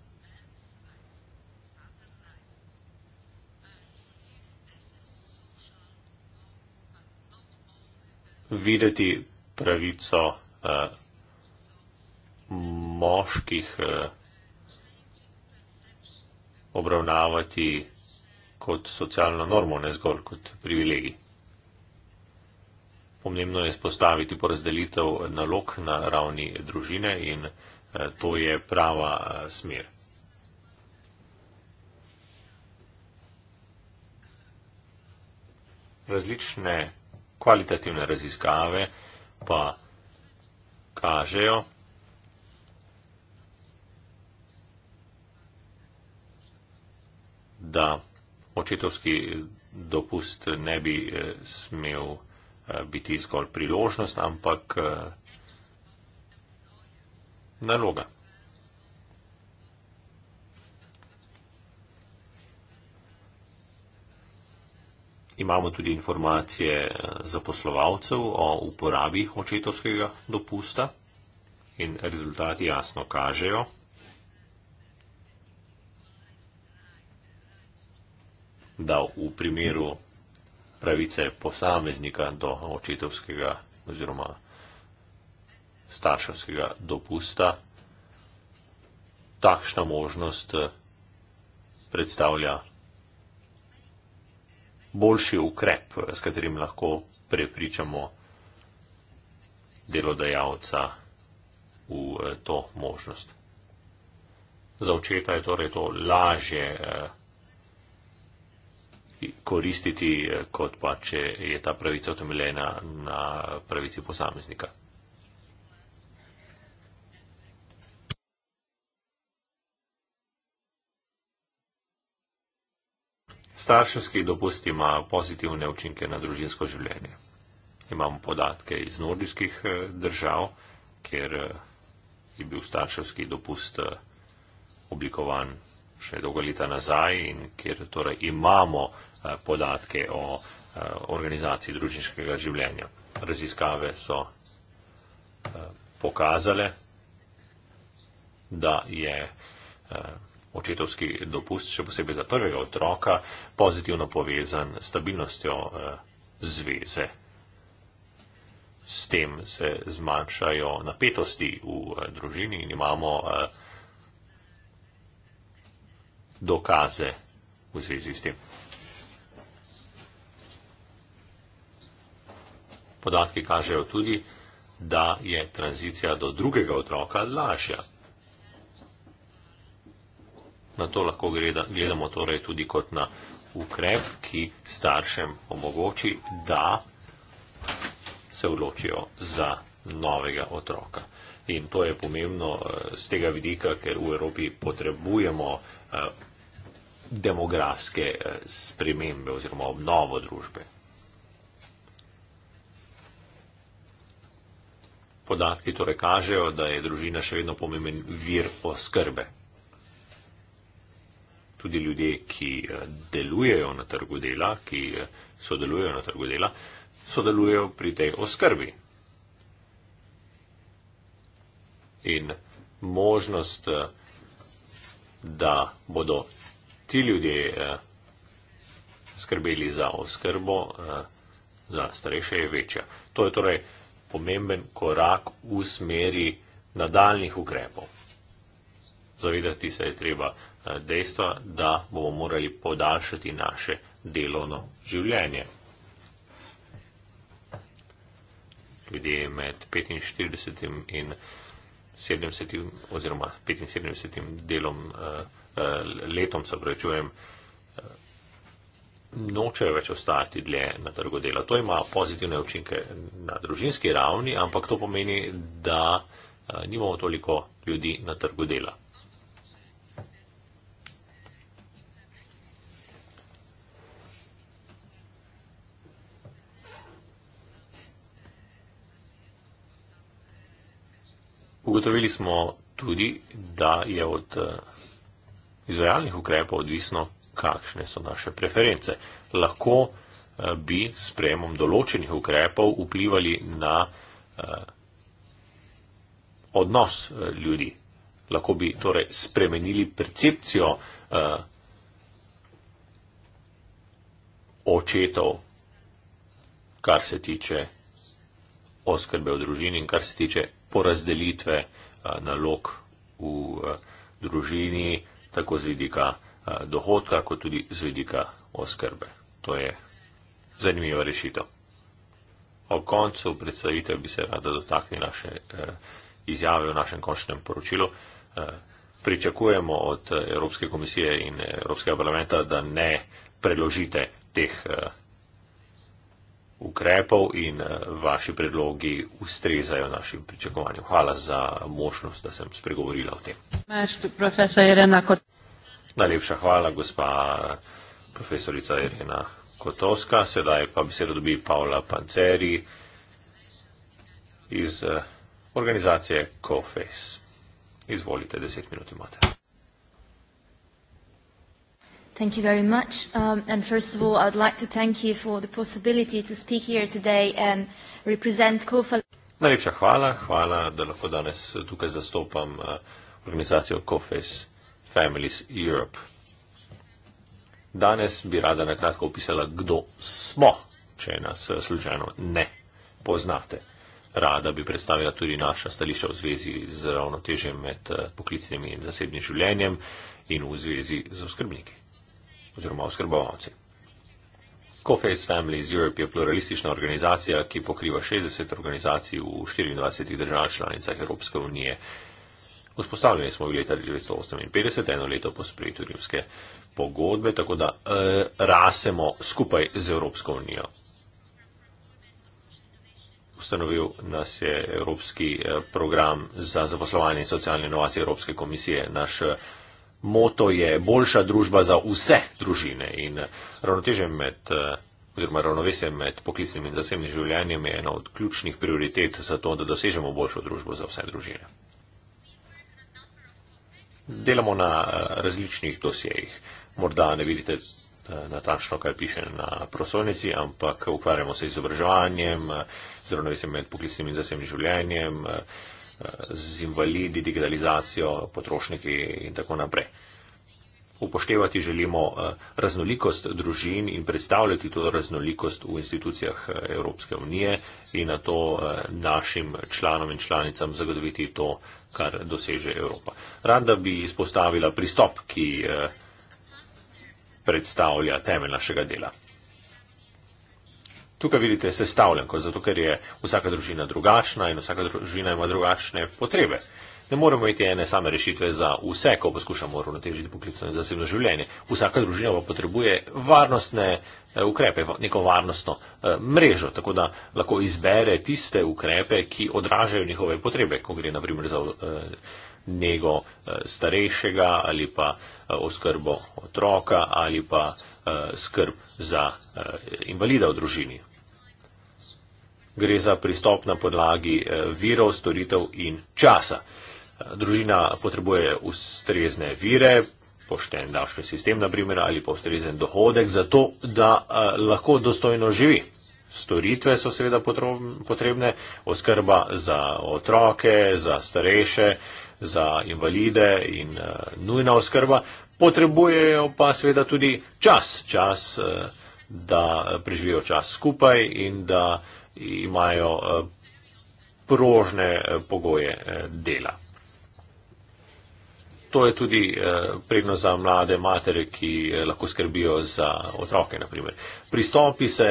videti pravico uh, moških uh, obravnavati kot socialno normo, ne zgolj kot privilegij. Pomembno je spostaviti porazdelitev nalog na ravni družine in eh, to je prava eh, smer. Različne kvalitativne raziskave pa kažejo, da očetovski dopust ne bi eh, smel eh, biti zgolj priložnost, ampak eh, naloga. Imamo tudi informacije zaposlovalcev o uporabi očetovskega dopusta in rezultati jasno kažejo, da v primeru pravice posameznika do očetovskega oziroma starševskega dopusta takšna možnost eh, predstavlja boljši ukrep, s katerim lahko prepričamo delodajalca v eh, to možnost. Za očeta je torej to lažje. Eh, koristiti, eh, kot pa če je ta pravica utemeljena na pravici posameznika. Starševski dopust ima pozitivne učinke na družinsko življenje. Imamo podatke iz nordijskih eh, držav, kjer eh, je bil starševski dopust oblikovan še dolgo leta nazaj in kjer torej imamo Eh, podatke o eh, organizaciji družinskega življenja. Raziskave so eh, pokazale, da je očetovski dopust, še posebej za prvega otroka, pozitivno povezan s stabilnostjo zveze. S tem se zmanjšajo napetosti v družini in imamo dokaze v zvezi s tem. Podatki kažejo tudi, da je tranzicija do drugega otroka lažja. Na to lahko gledamo torej tudi kot na ukrep, ki staršem omogoči, da se odločijo za novega otroka. In to je pomembno z eh, tega vidika, ker v Evropi potrebujemo eh, demografske eh, spremembe oziroma obnovo družbe. Podatki torej kažejo, da je družina še vedno pomemben vir oskrbe. Tudi ljudje, ki eh, delujejo na trgu dela, ki eh, sodelujejo na trgu dela, sodelujejo pri tej oskrbi. In možnost, eh, da bodo ti ljudje skrbeli za oskrbo, za starejše je večja. To je torej pomemben korak v smeri nadaljnih ukrepov. Zavedati se je treba eh, dejstva, da bomo morali podaljšati naše delovno življenje. Ljudje med 45 in 70 oziroma 75 delom, eh, eh, letom, se pravi, nočejo več ostati dlje na trgu dela. To ima pozitivne učinke na družinski ravni, ampak to pomeni, da eh, nimamo toliko ljudi na trgu dela. Ugotovili smo tudi, da je od eh, izvajalnih ukrepov odvisno, kakšne so naše preference. Lahko eh, bi s premom določenih ukrepov vplivali na eh, odnos eh, ljudi. Lahko bi torej spremenili percepcijo očetov, kar se tiče oskrbe v družini in kar se tiče porazdelitve nalog v družini, tako z vidika. Eh, dohodka, kot tudi z vidika oskrbe. To je zanimiva rešitev. O koncu predstavitev bi se rada dotaknila še eh, izjave v našem končnem poročilu. Eh, pričakujemo od Evropske komisije in Evropskega parlamenta, da ne predložite teh ukrepov in vaši predlogi ustrezajo našim pričakovanjem. Hvala za možnost, da sem spregovorila o tem. Maš, Najlepša hvala, gospa profesorica Irina Kotovska. Sedaj pa besedo dobi Paula Panceri iz eh, organizacije COFACE. Izvolite, deset minut imate. Thank you very much. Um, and first of all, I would like to thank you for the possibility to speak here today and represent COFACE. Najlepša hvala, hvala, da lahko danes tukaj zastopam uh, organizacijo COFACE. Families Europe. Danes bi rada na kratko opisala, kdo smo, če nas eh, slučajno ne poznate. Rada bi predstavila tudi naša stališča v zvezi z ravnotežjem med eh, poklicnim in zasebnim življenjem in v zvezi z oskrbniki oziroma oskrbovalci. Coface Families Europe je pluralistična organizacija, ki pokriva 60 organizacij v 24 državah članicah Evropske unije. Vzpostavljeni smo v leta 1958, eno leto po sprejetju rimske pogodbe, tako da eh, rasemo skupaj z Evropsko unijo. Ustanovil nas je Evropski eh, program za zaposlovanje in socialne inovacije Evropske komisije. Naš eh, moto je boljša družba za vse družine in eh, ravnoteže med oziroma ravnovesje med poklicnim in zasebnim življenjem je ena od ključnih prioritet za to, da dosežemo boljšo družbo za vse družine delamo na eh, različnih dosjejih. Morda ne vidite eh, natančno, kaj piše na prosojnici, ampak ukvarjamo se z izobraževanjem, eh, z ravnovesjem med poklicnim in zasebnim življenjem, z invalidi, digitalizacijo, potrošniki in tako naprej. Upoštevati želimo raznolikost družin in predstavljati to raznolikost v institucijah Evropske unije in na to našim članom in članicam zagotoviti to raznolikost kar doseže Evropa. Rada bi izpostavila pristop, ki eh, predstavlja temelj našega dela. Tukaj vidite sestavljenko, zato ker je vsaka družina drugačna in vsaka družina ima drugačne potrebe ne moremo imeti ene same rešitve za vse, ko poskušamo uravnotežiti poklicno in zasebno življenje. Vsaka družina pa potrebuje varnostne eh, ukrepe, neko varnostno eh, mrežo, tako da lahko izbere tiste ukrepe, ki odražajo njihove potrebe, ko gre naprimer za eh, nego starejšega ali pa oskrbo otroka ali pa skrb za invalida v družini. Gre za pristop na podlagi virov, storitev in časa družina potrebuje ustrezne vire, pošten davčni sistem, naprimer, ali pa ustrezen dohodek, zato da eh, lahko dostojno živi. Storitve so seveda potrebne, oskrba za otroke, za starejše, za invalide in eh, nujna oskrba. Potrebujejo pa seveda tudi čas, čas, eh, da preživijo čas skupaj in da imajo prožne pogoje dela. To je tudi eh, pregno za mlade matere, ki eh, lahko skrbijo za otroke. Naprimer. Pristopi se,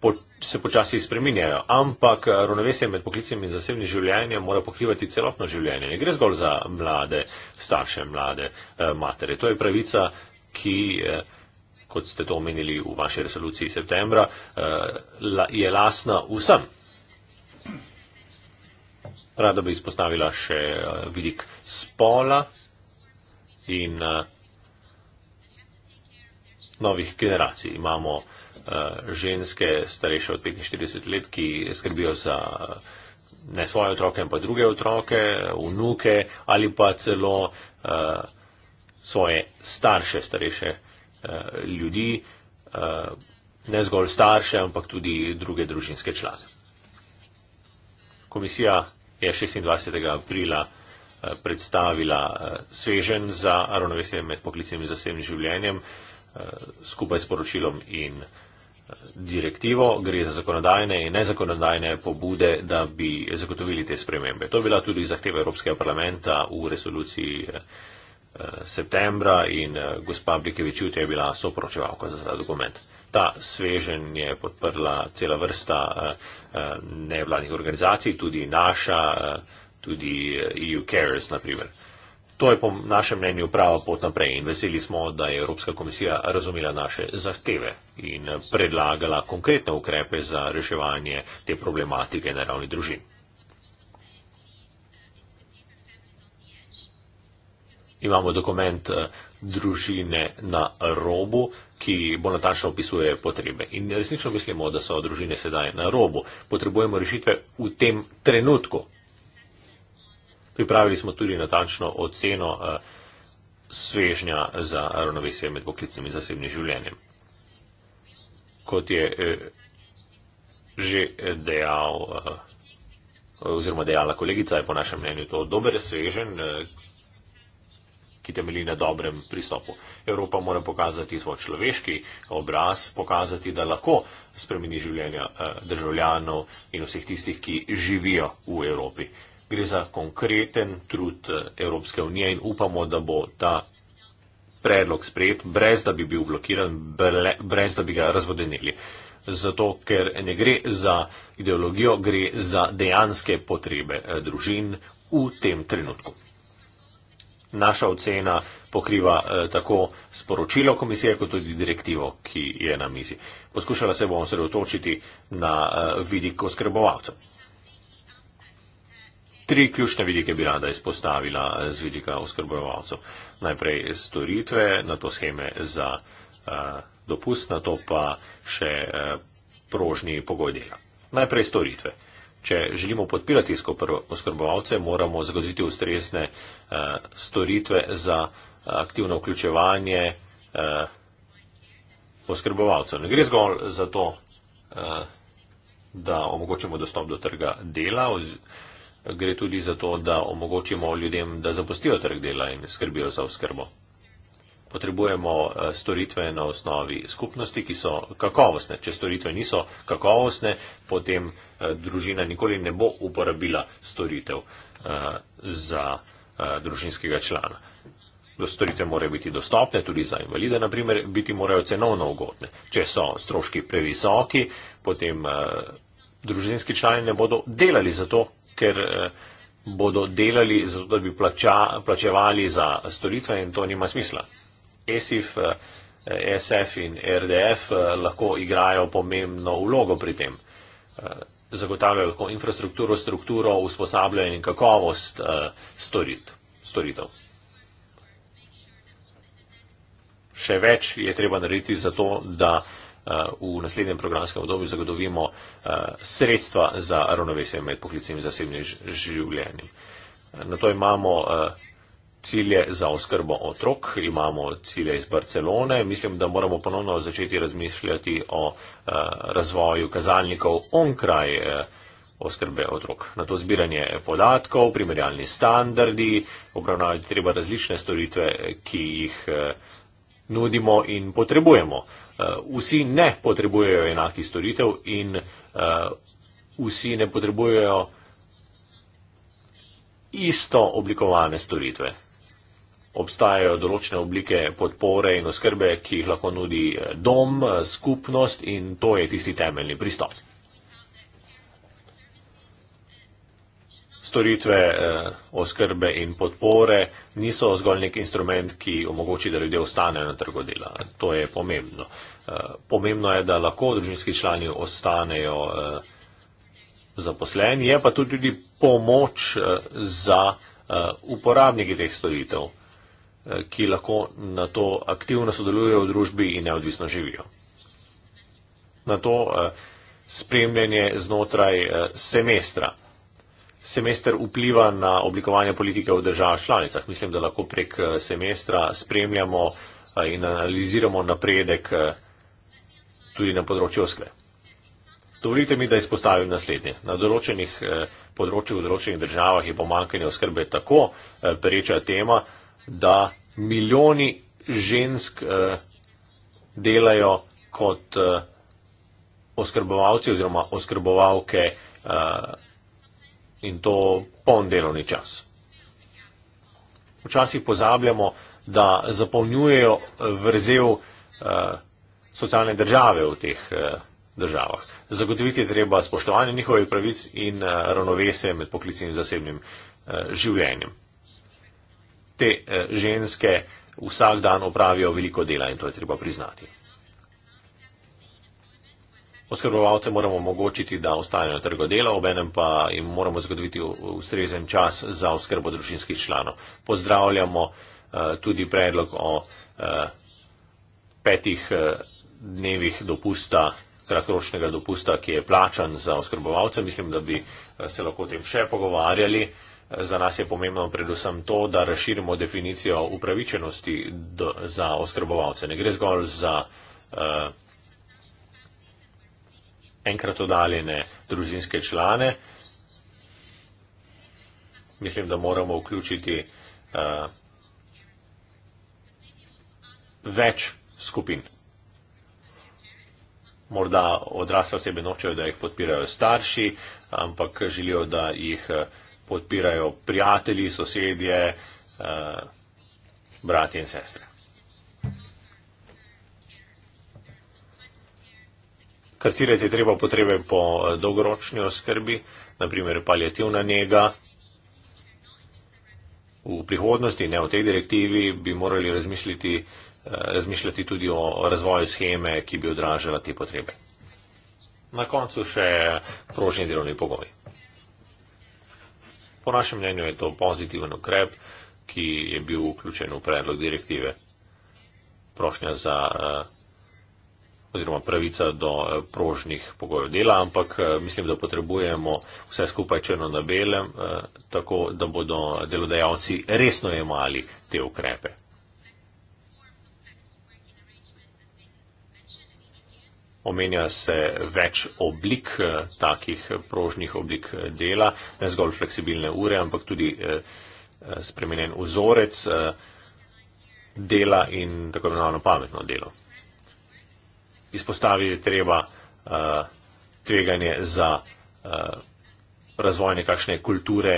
po, se počasi spreminjajo, ampak eh, ravnovesje med poklicem in zasebnim življenjem mora pokrivati celotno življenje. Ne gre zgolj za mlade starše, mlade matere. To je pravica, ki, kot ste to omenili v vaši resoluciji septembra, je lasna vsem. Rada bi izpostavila še eh, vidik spola in eh, novih generacij. Imamo eh, ženske, starejše od 45 let, ki skrbijo za ne svoje otroke, ampak druge otroke, vnuke ali pa celo svoje starše, starejše ljudi, ne zgolj starše, ampak tudi druge družinske člane. Komisija je 26. aprila eh, predstavila eh, svežen za ravnovesje med poklicem in zasebnim življenjem eh, skupaj s poročilom in direktivo. Gre za zakonodajne in nezakonodajne pobude, da bi zagotovili te spremembe. To je bila tudi zahteva Evropskega parlamenta v resoluciji Eh, septembra in eh, gospa Blikevičut je bila soporočevalka za ta dokument. Ta svežen je podprla cela vrsta eh, nevladnih organizacij, tudi naša, tudi EU e Cares, naprimer. To je po našem mnenju prava pot naprej in veseli smo, da je Evropska komisija razumela naše zahteve in predlagala konkretne ukrepe za reševanje te problematike naravnih družin. imamo dokument eh, družine na robu, ki bolj natančno opisuje potrebe. In resnično mislimo, da so družine sedaj na robu. Potrebujemo rešitve v tem trenutku. Pripravili smo tudi natančno oceno eh, svežnja za ravnovesje med poklicnim in zasebnim življenjem. Kot je eh, že dejal oziroma dejala kolegica, je po našem mnenju to dober svežen, ki temelji na dobrem pristopu. Evropa mora pokazati svoj človeški obraz, pokazati, da lahko spremeni življenja eh, državljanov in vseh tistih, ki živijo v Evropi. Gre za konkreten trud eh, Evropske unije in upamo, da bo ta predlog sprejet, brez da bi bil blokiran, brez da bi ga razvodenili. Zato, ker ne gre za ideologijo, gre za dejanske potrebe eh, družin v tem trenutku naša ocena pokriva eh, tako sporočilo komisije, kot tudi direktivo, ki je na mizi. Poskušala se bom sredotočiti na eh, vidik oskrbovalcev. Tri ključne vidike bi rada izpostavila eh, z vidika oskrbovalcev. Najprej storitve, na to scheme za eh, dopust, na to pa še eh, prožni pogoj dela. Najprej storitve. Če želimo podpirati oskrbovalce, moramo zagotoviti ustrezne Eh, storitve za eh, aktivno vključevanje eh, oskrbovalcev. Ne gre zgolj za to, da omogočimo dostop do trga dela, gre tudi za to, da omogočimo ljudem, da zapustijo trg dela in skrbijo za oskrbo. Potrebujemo storitve na osnovi skupnosti, ki so kakovostne. Če storitve niso kakovostne, potem družina nikoli ne bo uporabila storitev za oskrbo. Eh, družinskega člana. Storitve morajo biti dostopne tudi za invalide, naprimer, biti morajo cenovno ugodne. Če so stroški previsoki, potem eh, družinski člani ne bodo delali zato, ker eh, bodo delali zato, da bi plača, plačevali za storitve in to nima smisla. ESIF, eh, ESF in e RDF eh, lahko igrajo pomembno vlogo pri tem. Eh, zagotavljajo lahko infrastrukturo, strukturo, usposabljanje in kakovost uh, storit, storitev. Še več je treba narediti za to, da uh, v naslednjem programskem obdobju zagotovimo uh, sredstva za ravnovesje med poklicnim in zasebnim življenjem. Na to imamo uh, cilje za oskrbo otrok, imamo cilje iz Barcelone. Mislim, da moramo ponovno začeti razmišljati o eh, razvoju kazalnikov onkraj eh, oskrbe otrok. Na to zbiranje podatkov, primerjalni standardi, obravnavati treba različne storitve, ki jih eh, nudimo in potrebujemo. Vsi ne potrebujejo enakih storitev in vsi ne potrebujejo isto oblikovane storitve obstajajo določene oblike podpore in oskrbe, ki jih lahko nudi eh, dom, eh, skupnost in to je tisti temeljni pristop. Storitve eh, oskrbe in podpore niso zgolj nek instrument, ki omogoči, da ljudje ostanejo na trgu dela. To je pomembno. Pomembno je, da lahko družinski člani ostanejo zaposleni, je pa tudi pomoč za uporabniki teh storitev. Eh, ki lahko na to aktivno sodelujejo v družbi in neodvisno živijo. Na to eh, spremljanje znotraj eh, semestra. Semester vpliva na oblikovanje politike v državah članicah. Mislim, da lahko prek semestra spremljamo in analiziramo napredek tudi na področju oskle. Dovolite mi, da izpostavim naslednje. Na določenih področjih v določenih državah je pomankanje oskrbe tako pereča tema, da milijoni žensk eh, delajo kot eh, oskrbovalci oziroma oskrbovalke eh, in to poln delovni čas. Včasih pozabljamo, da zapolnjujejo vrzel socialne države v teh državah. Zagotoviti je treba spoštovanje njihovih pravic in ravnovesje med poklicnim in zasebnim življenjem te eh, ženske vsak dan opravijo veliko dela in to je treba priznati. Oskrbovalcem moramo omogočiti, da ostanejo na trgu dela, obenem pa jim moramo zagotoviti ustrezen čas za oskrbo družinskih članov. Pozdravljamo eh, tudi predlog o eh, petih dnevih dopusta, kratkoročnega dopusta, ki je plačan za oskrbovalce. Mislim, da bi se lahko o tem še pogovarjali. Za nas je pomembno predvsem to, da razširimo definicijo upravičenosti do, za oskrbovalce. Ne gre zgolj za uh, enkrat odaljene družinske člane. Mislim, da moramo vključiti uh, več skupin. Morda odrasle osebe nočejo, da jih podpirajo starši, ampak želijo, da jih uh, podpirajo prijatelji, sosedje, eh, brati in sestre. Kartirati je treba potrebe po eh, dolgoročni oskrbi, naprimer palijativna njega. V prihodnosti, ne v tej direktivi, bi morali razmišljati, eh, razmišljati tudi o razvoju scheme, ki bi odražala te potrebe. Na koncu še prožni delovni pogoji. Po našem mnenju je to pozitiven ukrep, ki je bil vključen v predlog direktive. Prošnja za eh, oziroma pravica do eh, prožnih pogojev dela, ampak eh, mislim, da potrebujemo vse skupaj črno na belem, tako da bodo delodajalci resno jemali te ukrepe. Omenja se več oblik eh, takih prožnih oblik eh, dela, ne zgolj fleksibilne ure, ampak tudi eh, spremenjen vzorec dela in tako imenovano pametno delo. Izpostaviti treba tveganje za razvoj nekakšne kulture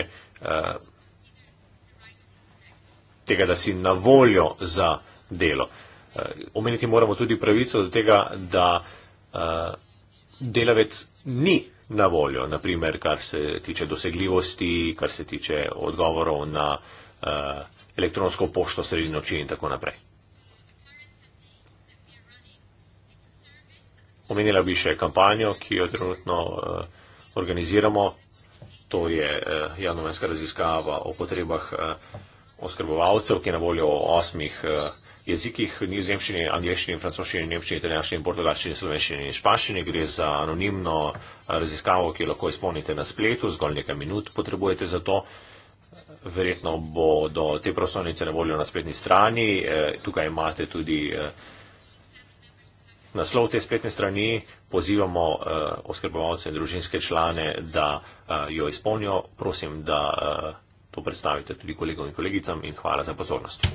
tega, da si na voljo za delo. Omeniti moramo tudi pravico do tega, da delavec ni na voljo, naprimer, kar se tiče dosegljivosti, kar se tiče odgovorov na uh, elektronsko pošto sredi noči in tako naprej. Omenila bi še kampanjo, ki jo trenutno uh, organiziramo. To je uh, javnomenska raziskava o potrebah uh, oskrbovalcev, ki je na voljo o osmih. Uh, jezikih nizozemščini, angliščini, francoščini, nemščini, italijanščini, portugalščini, slovenščini in španščini. Gre za anonimno eh, raziskavo, ki jo lahko izpolnite na spletu, zgolj nekaj minut potrebujete za to. Verjetno bo do te prosovnice na voljo na spletni strani. Eh, tukaj imate tudi eh, naslov te spletne strani. Pozivamo oskrbovalce in družinske člane, da jo izpolnijo. Prosim, da to predstavite tudi kolegom in kolegicam in hvala za pozornost.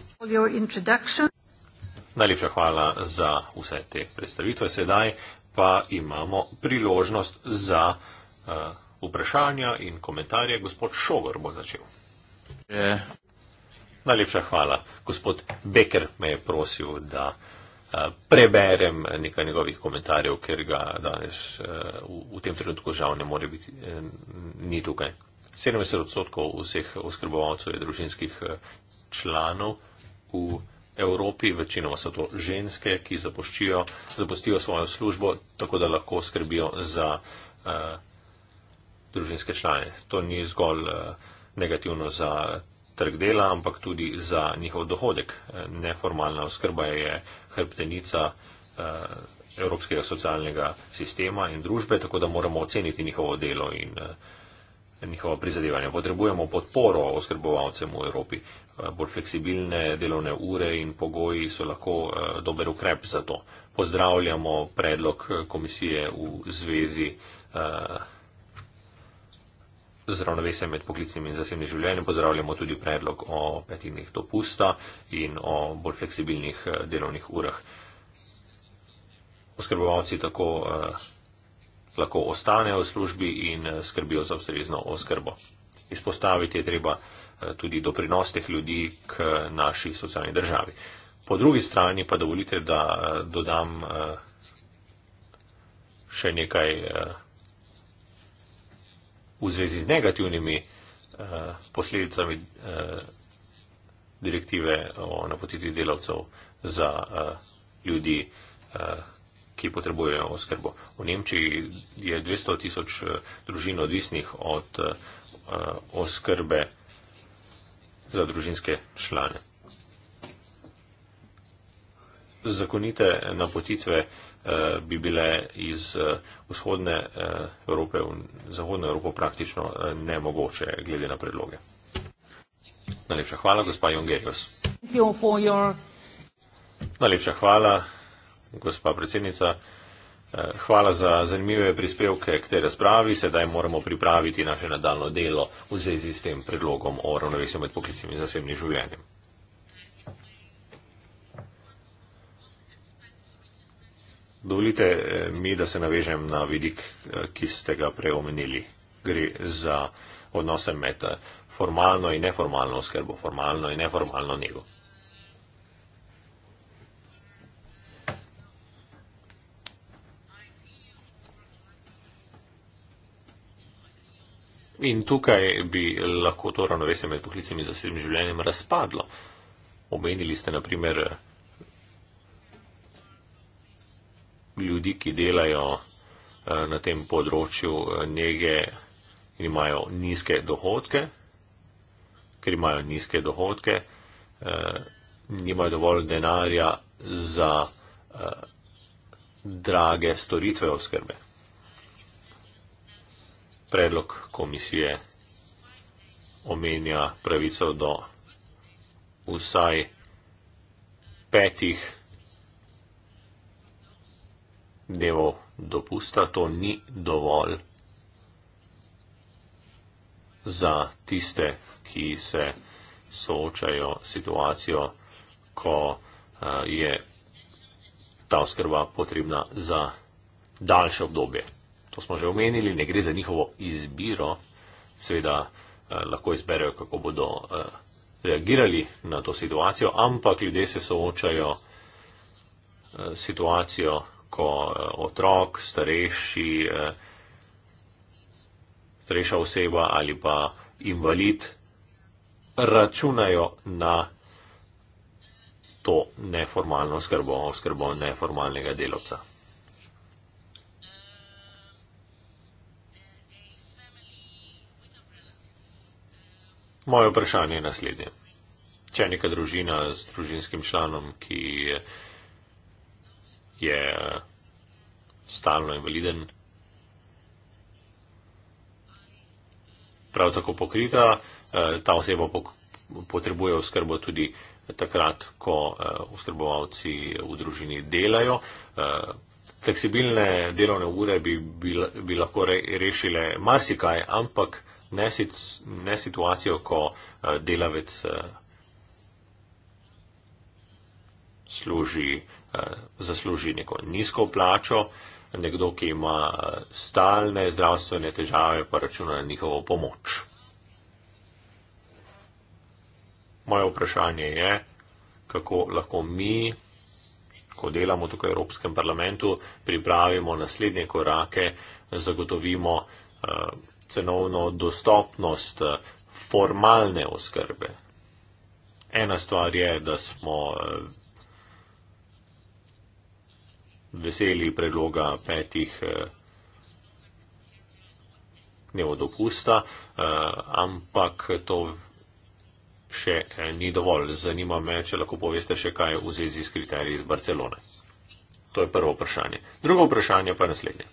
Najlepša hvala za vse te predstavitve. Sedaj pa imamo priložnost za uh, vprašanja in komentarje. Gospod Šogor bo začel. Je. Najlepša hvala. Gospod Becker me je prosil, da uh, preberem nekaj njegovih komentarjev, ker ga danes uh, v, v tem trenutku žal ne more biti, uh, ni tukaj. 70 odstotkov vseh oskrbovalcev je družinskih uh, članov v. Uh, Evropi, večinoma so to ženske, ki zapustijo svojo službo, tako da lahko skrbijo za uh, družinske člane. To ni zgolj uh, negativno za trg dela, ampak tudi za njihov dohodek. Eh, neformalna oskrba je hrbtenica uh, evropskega socialnega sistema in družbe, tako da moramo oceniti njihovo delo in uh, njihova prizadevanja. Potrebujemo podporo oskrbovalcem v Evropi. Eh, bolj fleksibilne delovne ure in pogoji so lahko eh, dober ukrep za to. Pozdravljamo predlog eh, komisije v zvezi z ravnovesjem med poklicnim in zasebnim življenjem. Pozdravljamo tudi predlog o petinih dopusta in o bolj fleksibilnih delovnih urah. Oskrbovalci tako uh, lahko ostanejo v službi in eh, skrbijo za ustrezno oskrbo. Izpostaviti je treba eh, tudi doprinos teh ljudi k eh, naši socialni državi. Po drugi strani pa dovolite, da dodam še nekaj v zvezi z negativnimi posledicami direktive o napotitvi delavcev za ljudi ki potrebujejo oskrbo. V Nemčiji je 200 tisoč eh, družin odvisnih od eh, oskrbe za družinske člane. Zakonite napotitve eh, bi bile iz eh, vzhodne eh, Evrope v zahodno Evropo praktično eh, nemogoče, glede na predloge. Najlepša hvala, gospa Jongerjos. Najlepša hvala gospa predsednica. Eh, hvala za zanimive prispevke k tej razpravi. Sedaj moramo pripraviti naše nadaljno delo v zvezi s tem predlogom o ravnovesju med poklicnim in zasebnim življenjem. Dovolite eh, mi, da se navežem na vidik, eh, ki ste ga prej omenili. Gre za odnose med formalno in neformalno oskrbo, formalno in neformalno nego. In tukaj bi lahko to ravnovesje med poklicem in zasebnim življenjem razpadlo. Omenili ste naprimer ljudi, ki delajo eh, na tem področju eh, nege in imajo nizke dohodke, ker imajo nizke dohodke, eh, nimajo dovolj denarja za drage storitve oskrbe predlog komisije omenja pravico do vsaj petih dnevov dopusta. To ni dovolj za tiste, ki se soočajo situacijo, ko eh, je ta oskrba potrebna za daljše obdobje to smo že omenili, ne gre za njihovo izbiro, seveda eh, lahko izberejo, kako bodo eh, reagirali na to situacijo, ampak ljudje se soočajo eh, situacijo, ko eh, otrok, starejši, eh, starejša oseba ali pa invalid računajo na to neformalno skrbo, skrbo neformalnega delovca. Moje vprašanje je naslednje. Če je neka družina s družinskim članom, ki je, je stalno invaliden, prav tako pokrita, eh, ta oseba potrebuje oskrbo tudi takrat, ko eh, oskrbovalci v družini delajo. Eh, fleksibilne delovne ure bi, bi, bi lahko re, rešile marsikaj, ampak ne, ne situacijo, ko eh, delavec eh, služi, eh, zasluži neko nizko plačo, nekdo, ki ima stalne zdravstvene težave, pa računa na njihovo pomoč. Moje vprašanje je, kako lahko mi, ko delamo tukaj v Evropskem parlamentu, pripravimo naslednje korake, zagotovimo cenovno dostopnost eh, formalne oskrbe. Ena stvar je, da smo eh, veseli predloga petih dnev eh, dopusta, ampak to še ni dovolj. Zanima me, če lahko poveste še kaj v zvezi s kriteriji iz Barcelone. To je prvo vprašanje. Drugo vprašanje pa je naslednje.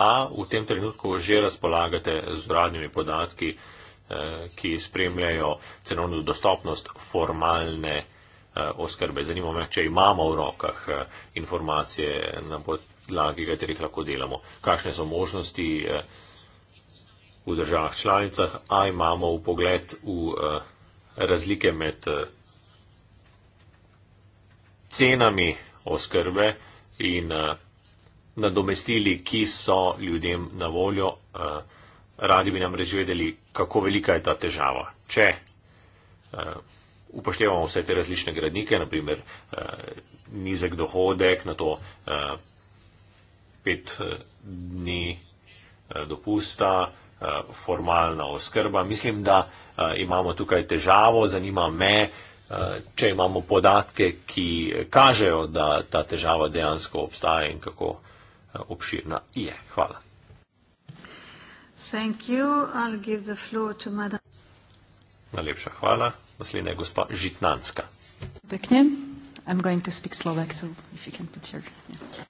A v tem trenutku že razpolagate z uradnimi podatki, eh, ki spremljajo cenovno dostopnost formalne eh, oskrbe. Zanima me, če imamo v rokah eh, informacije na podlagi, katerih lahko delamo. Kakšne so možnosti v državah članicah? A imamo v pogled v razlike med cenami oskrbe in nadomestili, ki so ljudem na voljo. Eh, radi bi nam reč vedeli, kako velika je ta težava. Če eh, upoštevamo vse te različne gradnike, naprimer eh, nizek dohodek, na to pet dni dopusta, formalna oskrba, mislim, da imamo tukaj težavo, zanima me, če imamo podatke, ki kažejo, da ta težava dejansko obstaja in kako obširna je. Hvala. Thank you. I'll give the floor to Madam. Najlepša hvala. Naslednja je gospa Žitnanska. I'm going to speak Slovak, so if you can put your... Yeah.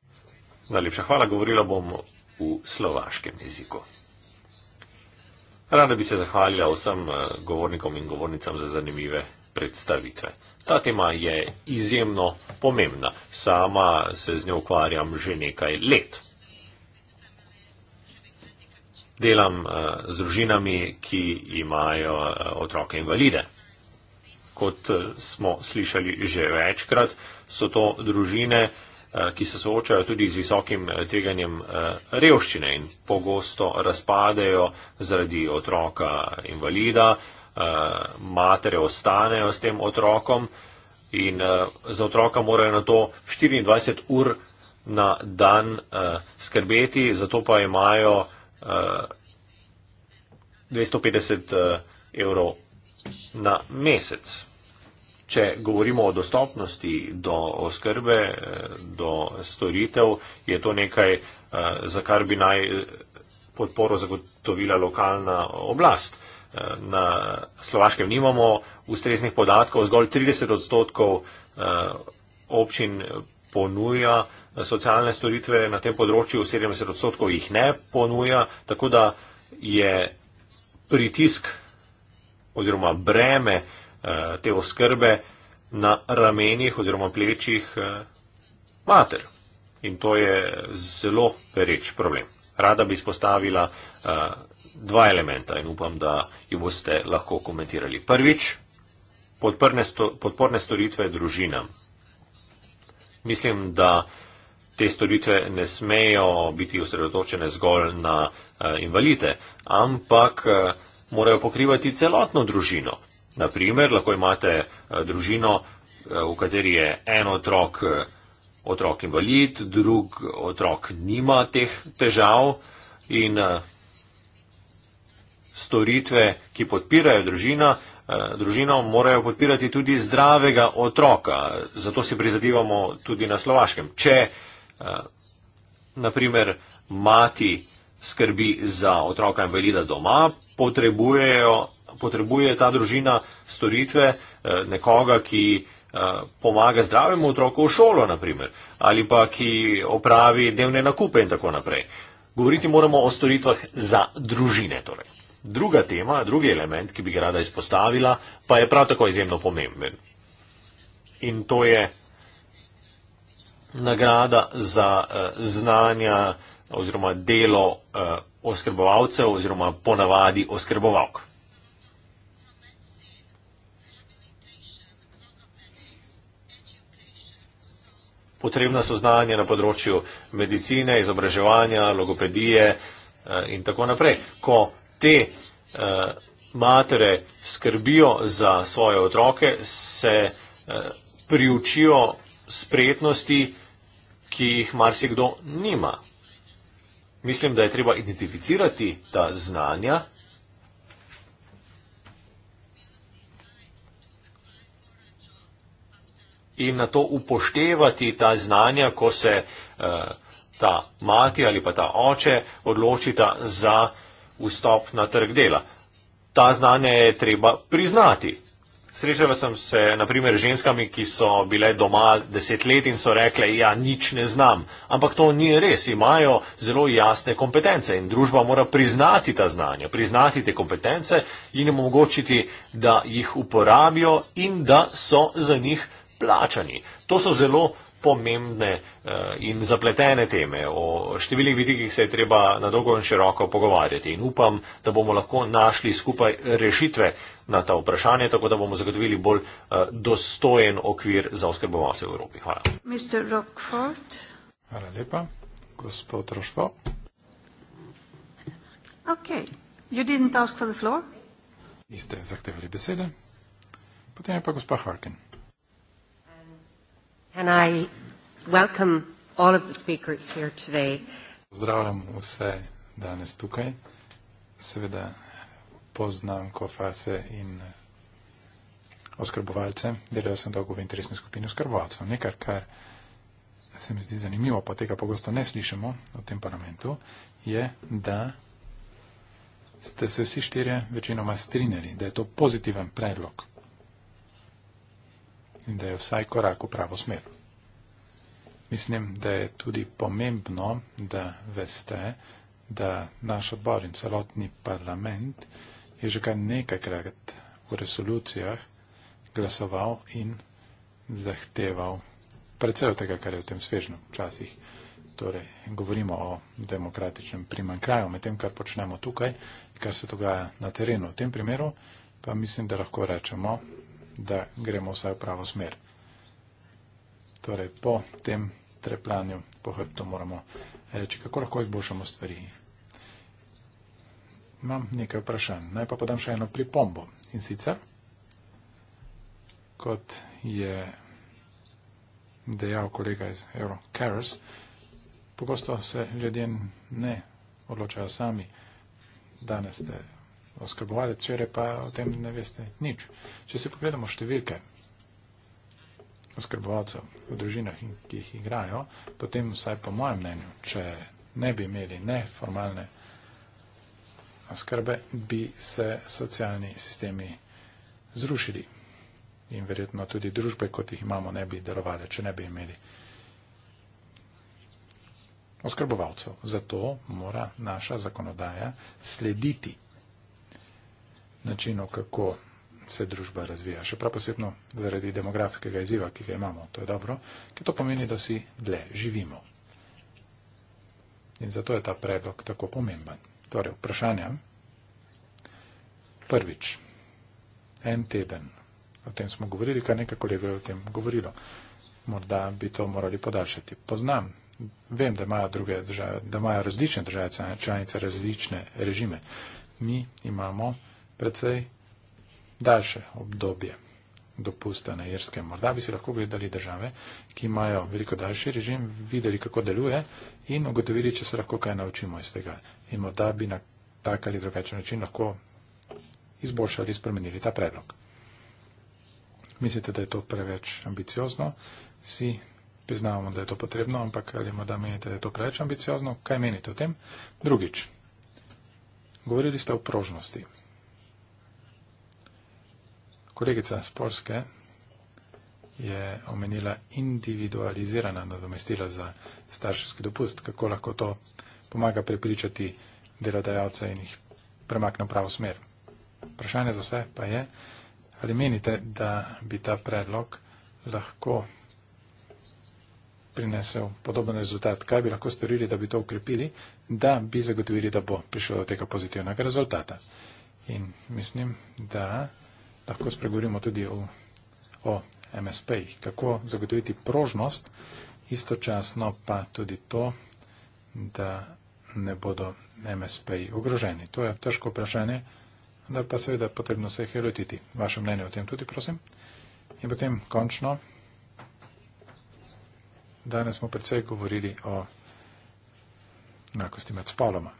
Najlepša hvala. Govorila bom v slovaškem jeziku. Rada bi se zahvalila vsem eh, govornikom in govornicam za zanimive predstavitve. Ta tema je izjemno pomembna. Sama se z njo ukvarjam že nekaj let. Delam eh, z družinami, ki imajo eh, otroke invalide. Kot eh, smo slišali že večkrat, so to družine, ki se soočajo tudi z visokim tveganjem revščine in pogosto razpadejo zaradi otroka invalida, Eh, matere ostanejo s tem otrokom in uh, za otroka morajo na to 24 ur na dan uh, skrbeti, zato pa imajo uh, 250 uh, evrov na mesec. Če govorimo o dostopnosti do oskrbe, do storitev, je to nekaj, za kar bi naj podporo zagotovila lokalna oblast na Slovaškem nimamo ustreznih podatkov, zgolj 30 odstotkov eh, občin ponuja eh, socialne storitve na tem področju, 70 odstotkov jih ne ponuja, tako da je pritisk oziroma breme eh, te oskrbe na ramenih oziroma plečih mater. In to je zelo pereč problem. Rada bi spostavila dva elementa in upam, da jo boste lahko komentirali. Prvič, podporne, sto, podporne storitve družinam. Mislim, da te storitve ne smejo biti usredotočene zgolj na uh, invalide, ampak uh, morajo pokrivati celotno družino. Naprimer, lahko imate uh, družino, uh, v kateri je en otrok, uh, otrok invalid, drug otrok nima teh težav in uh, storitve, ki podpirajo družina, eh, družino, morajo podpirati tudi zdravega otroka. Zato si prizadevamo tudi na slovaškem. Če, eh, naprimer, mati skrbi za otroka invalida doma, potrebujejo, potrebuje ta družina storitve eh, nekoga, ki pomaga zdravemu otroku v šolo, naprimer, ali pa ki opravi dnevne nakupe in tako naprej. Govoriti moramo o storitvah za družine. Torej. Druga tema, drugi element, ki bi ga rada izpostavila, pa je prav tako izjemno pomemben. In to je nagrada za uh, znanja oziroma delo uh, oskrbovalcev oziroma ponavadi oskrbovalk. Potrebna so znanja na področju medicine, izobraževanja, logopedije uh, in tako naprej te eh, matere skrbijo za svoje otroke, se eh, priučijo spretnosti, ki jih marsikdo nima. Mislim, da je treba identificirati ta znanja. In na to upoštevati ta znanja, ko se eh, ta mati ali pa ta oče odločita za eh, vstop na trg dela. Ta znanje je treba priznati. Srečala sem se naprimer ženskami, ki so bile doma deset let in so rekle, ja, nič ne znam. Ampak to ni res, imajo zelo jasne kompetence in družba mora priznati ta znanja, priznati te kompetence in omogočiti, da jih uporabijo in da so za njih plačani. To so zelo pomembne eh, in zapletene teme, o številnih vidikih se je treba na dolgo in široko pogovarjati in upam, da bomo lahko našli skupaj rešitve na ta vprašanje, tako da bomo zagotovili bolj eh, dostojen okvir za oskrbovalce v Evropi. Hvala. Hvala lepa. Gospod Rošvo. Okay. You didn't ask for the floor? Niste zahtevali besede. Potem je pa gospod Harkin. Can I welcome all of the speakers here today? Pozdravljam vse danes tukaj. Seveda poznam kofase in oskrbovalce. Delal sem dolgo v interesni skupini oskrbovalcev. Nekaj, kar se mi zdi zanimivo, pa tega pogosto ne slišimo v tem parlamentu, je, da ste se vsi štirje večinoma strinjali, da je to pozitiven predlog in da je vsaj korak v pravo smer. Mislim, da je tudi pomembno, da veste, da naš odbor in celotni parlament je že kar nekajkrat v resolucijah glasoval in zahteval predvsej od tega, kar je v tem svežnju včasih. Torej, govorimo o demokratičnem primankraju med tem, kar počnemo tukaj, kar se dogaja na terenu. V tem primeru pa mislim, da lahko rečemo, da gremo vsaj v pravo smer. Torej, po tem trepljanju po hrbtu moramo reči, kako lahko izboljšamo stvari. Imam nekaj vprašanj. Naj pa podam še eno pripombo. In sicer, kot je dejal kolega iz Eurocares, pogosto se ljudje ne odločajo sami. Danes ste oskrbovalec, včeraj pa o tem ne veste nič. Če si pogledamo številke oskrbovalcev v družinah, ki jih igrajo, potem vsaj po mojem mnenju, če ne bi imeli neformalne oskrbe, bi se socialni sistemi zrušili in verjetno tudi družbe, kot jih imamo, ne bi delovali, če ne bi imeli oskrbovalcev. Zato mora naša zakonodaja slediti načinu, kako se družba razvija. Še prav posebno zaradi demografskega izziva, ki ga imamo. To je dobro, ker to pomeni, da si dle živimo. In zato je ta predlog tako pomemben. Torej, vprašanja. Prvič, en teden. O tem smo govorili, kar nekaj kolegov je o tem govorilo. Morda bi to morali podaljšati. Poznam, vem, da imajo, države, da imajo različne države članice različne režime. Mi imamo precej daljše obdobje dopusta na Irskem. Morda bi si lahko gledali države, ki imajo veliko daljši režim, videli, kako deluje in ugotovili, če se lahko kaj naučimo iz tega. In morda bi na tak ali drugačen način lahko izboljšali, spremenili ta predlog. Mislite, da je to preveč ambiciozno? Vsi priznavamo, da je to potrebno, ampak ali morda menite, da je to preveč ambiciozno? Kaj menite o tem? Drugič. Govorili ste o prožnosti. Kolegica z Polske je omenila individualizirana nadomestila za starševski dopust, kako lahko to pomaga prepričati delodajalce in jih premakne v pravo smer. Vprašanje za vse pa je, ali menite, da bi ta predlog lahko prinesel podoben rezultat, kaj bi lahko storili, da bi to ukrepili, da bi zagotovili, da bo prišlo do tega pozitivnega rezultata. In mislim, da lahko spregovorimo tudi o, o MSP-jih, kako zagotoviti prožnost, istočasno pa tudi to, da ne bodo MSP-ji ogroženi. To je težko vprašanje, vendar pa seveda potrebno se jih je lotiti. Vaše mnenje o tem tudi, prosim. In potem končno, danes smo predvsej govorili o enakosti med spoloma.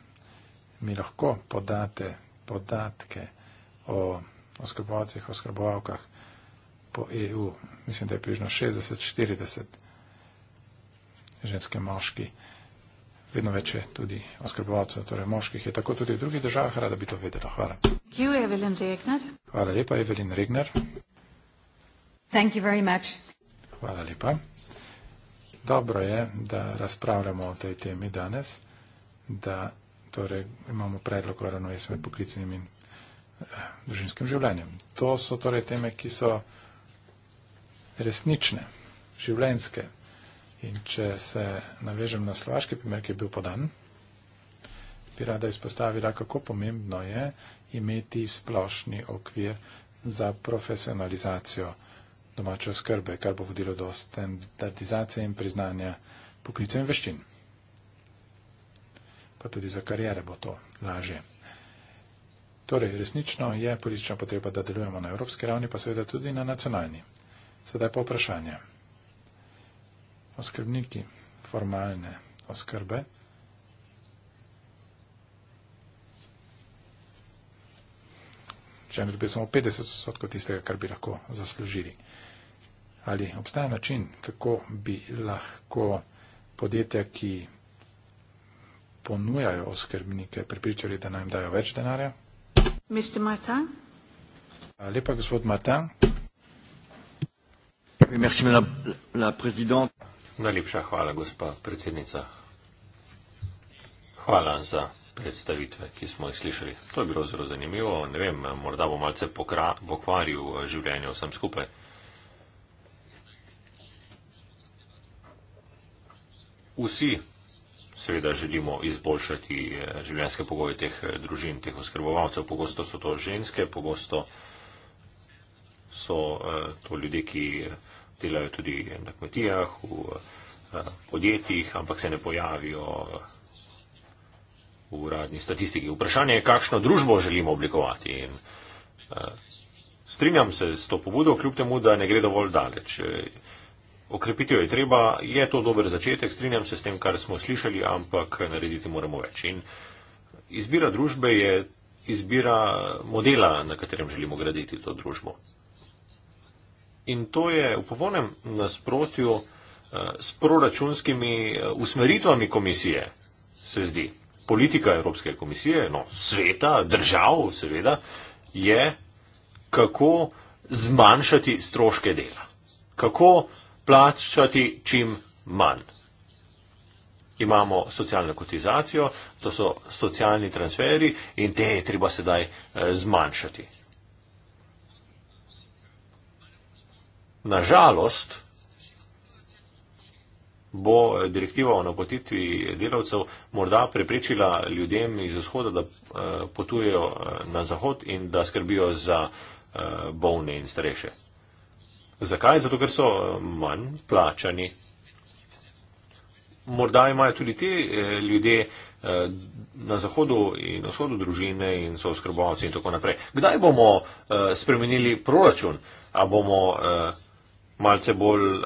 Mi lahko podate podatke o oskrbovalcih, oskrbovalkah po EU. Mislim, da je približno 60-40 ženske moški. Vedno več je tudi oskrbovalcev, torej moških je tako tudi v drugih državah, rada bi to vedela. Hvala. Hvala lepa, Evelin Regner. Hvala lepa. Dobro je, da razpravljamo o tej temi danes, da torej, imamo predlog o ravnovesju med poklicnim in družinskim življenjem. To so torej teme, ki so resnične, življenjske. In če se navežem na slovaški primer, ki je bil podan, bi rada izpostavila, kako pomembno je imeti splošni okvir za profesionalizacijo domače oskrbe, kar bo vodilo do standardizacije in priznanja poklicev in veščin. Pa tudi za karijere bo to lažje. Torej, resnično je politična potreba, da delujemo na evropski ravni, pa seveda tudi na nacionalni. Sedaj pa vprašanje. Oskrbniki formalne oskrbe. Če bi samo 50 odstotkov tistega, kar bi lahko zaslužili. Ali obstaja način, kako bi lahko podjetja, ki ponujajo oskrbnike, pripričali, da naj jim dajo več denarja? Mr. Martin. Hvala lepa, gospod Martin. Merci, la, la Najlepša hvala, gospa predsednica. Hvala za predstavitve, ki smo jih slišali. To je bilo zelo zanimivo. Ne vem, morda bo malce pokvaril eh, življenje vsem skupaj. Vsi seveda želimo izboljšati eh, življenjske pogoje teh eh, družin, teh oskrbovalcev. Pogosto so to ženske, pogosto so eh, to ljudje, ki delajo tudi na kmetijah, v podjetjih, ampak se ne pojavijo v uradni statistiki. Vprašanje je, kakšno družbo želimo oblikovati. In, uh, strinjam se s to pobudo, kljub temu, da ne gre dovolj daleč. Uh, Okrepiti jo je treba, je to dober začetek, strinjam se s tem, kar smo slišali, ampak narediti moramo več. In izbira družbe je izbira modela, na katerem želimo graditi to družbo. In to je v popolnem nasprotju eh, s proračunskimi eh, usmeritvami komisije, se zdi. Politika Evropske komisije, no, sveta, držav, seveda, je, kako zmanjšati stroške dela. Kako plačati čim manj. Imamo socialno kotizacijo, to so socialni transferi in te je treba sedaj eh, zmanjšati. Nažalost bo eh, direktiva o napotitvi delavcev morda preprečila ljudem iz vzhoda, da eh, potujejo na zahod in da skrbijo za bolne in starejše. Zakaj? Zato, ker so eh, manj plačani. Morda imajo tudi ti eh, ljudje eh, na zahodu in na vzhodu družine in so oskrbovalci in tako naprej. Kdaj bomo spremenili proračun? A bomo malce bolj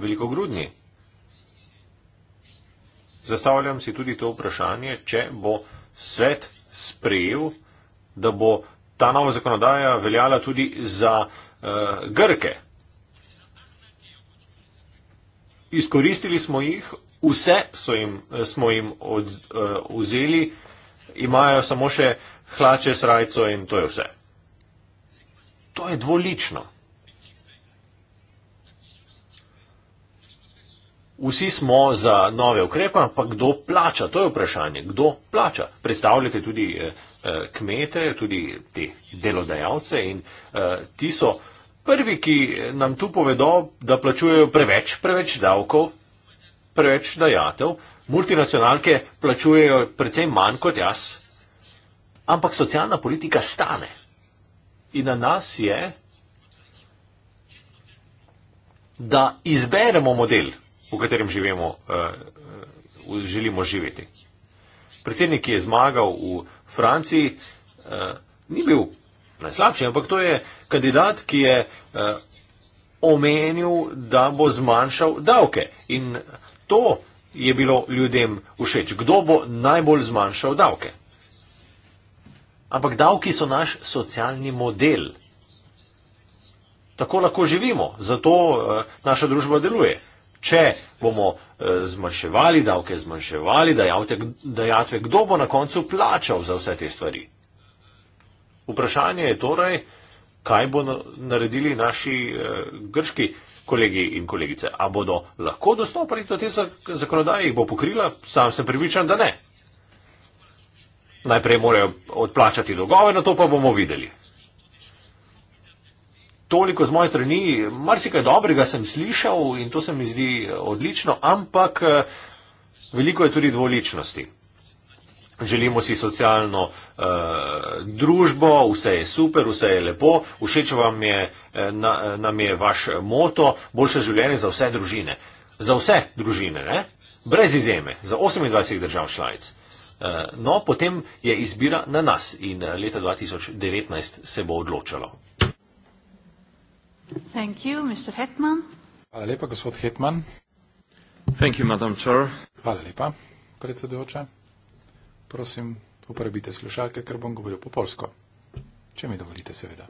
velikogrudni? Zastavljam si tudi to vprašanje, če bo svet sprejel da bo ta nova zakonodaja veljala tudi za uh, Grke. Izkoristili smo jih, vse so jim, eh, smo jim od, uh, vzeli, imajo samo še hlače s rajco in to je vse. To je dvolično. Vsi smo za nove ukrepe, ampak kdo plača? To je vprašanje. Kdo plača? Predstavljate tudi eh, Eh, kmete, tudi te delodajalce in eh, ti so prvi, ki nam tu povedo, da plačujejo preveč, preveč davkov, preveč dajatev, multinacionalke plačujejo precej manj kot jaz, ampak socialna politika stane. In na nas je, da izberemo model, v katerem živemo, eh, želimo živeti. Predsednik je zmagal v Franciji eh, ni bil najslabši, ampak to je kandidat, ki je eh, omenil, da bo zmanjšal davke. In to je bilo ljudem všeč. Kdo bo najbolj zmanjšal davke? Ampak davki so naš socialni model. Tako lahko živimo, zato eh, naša družba deluje če bomo eh, zmanjševali davke, zmanjševali dajatve, kdo bo na koncu plačal za vse te stvari. Vprašanje je torej, kaj bo naredili naši eh, grški kolegi in kolegice. A bodo lahko dostopali do te zakonodaje, jih bo pokrila? Sam sem pripričan, da ne. Najprej morajo odplačati dogove, na to pa bomo videli toliko z moje strani, marsikaj dobrega sem slišal in to se mi zdi eh, odlično, ampak eh, veliko je tudi dvoličnosti. Želimo si socialno uh, družbo, vse je super, vse je lepo, všeč vam je, na, nam je vaš moto, boljše življenje za vse družine. Za vse družine, ne? brez izjeme, za 28 držav članic. No, potem je izbira na nas in leta 2019 se bo odločalo. Thank you. Mr. Hetman. Hvala lepa, gospod Hetman. Thank you, Madam Chair. Hvala lepa, predsedujoča. Prosim, uporabite slušalke, ker bom govoril po polsko. Če mi dovolite, seveda.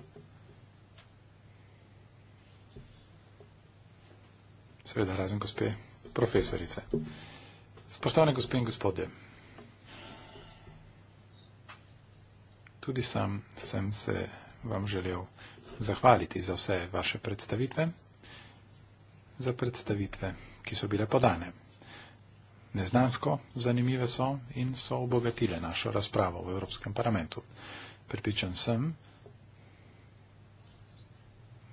Seveda, razen gospe profesorice. Spoštovane gospe in gospode, tudi sam sem se vam želel zahvaliti za vse vaše predstavitve, za predstavitve, ki so bile podane. Neznansko zanimive so in so obogatile našo razpravo v Evropskem parlamentu. Pripričan sem,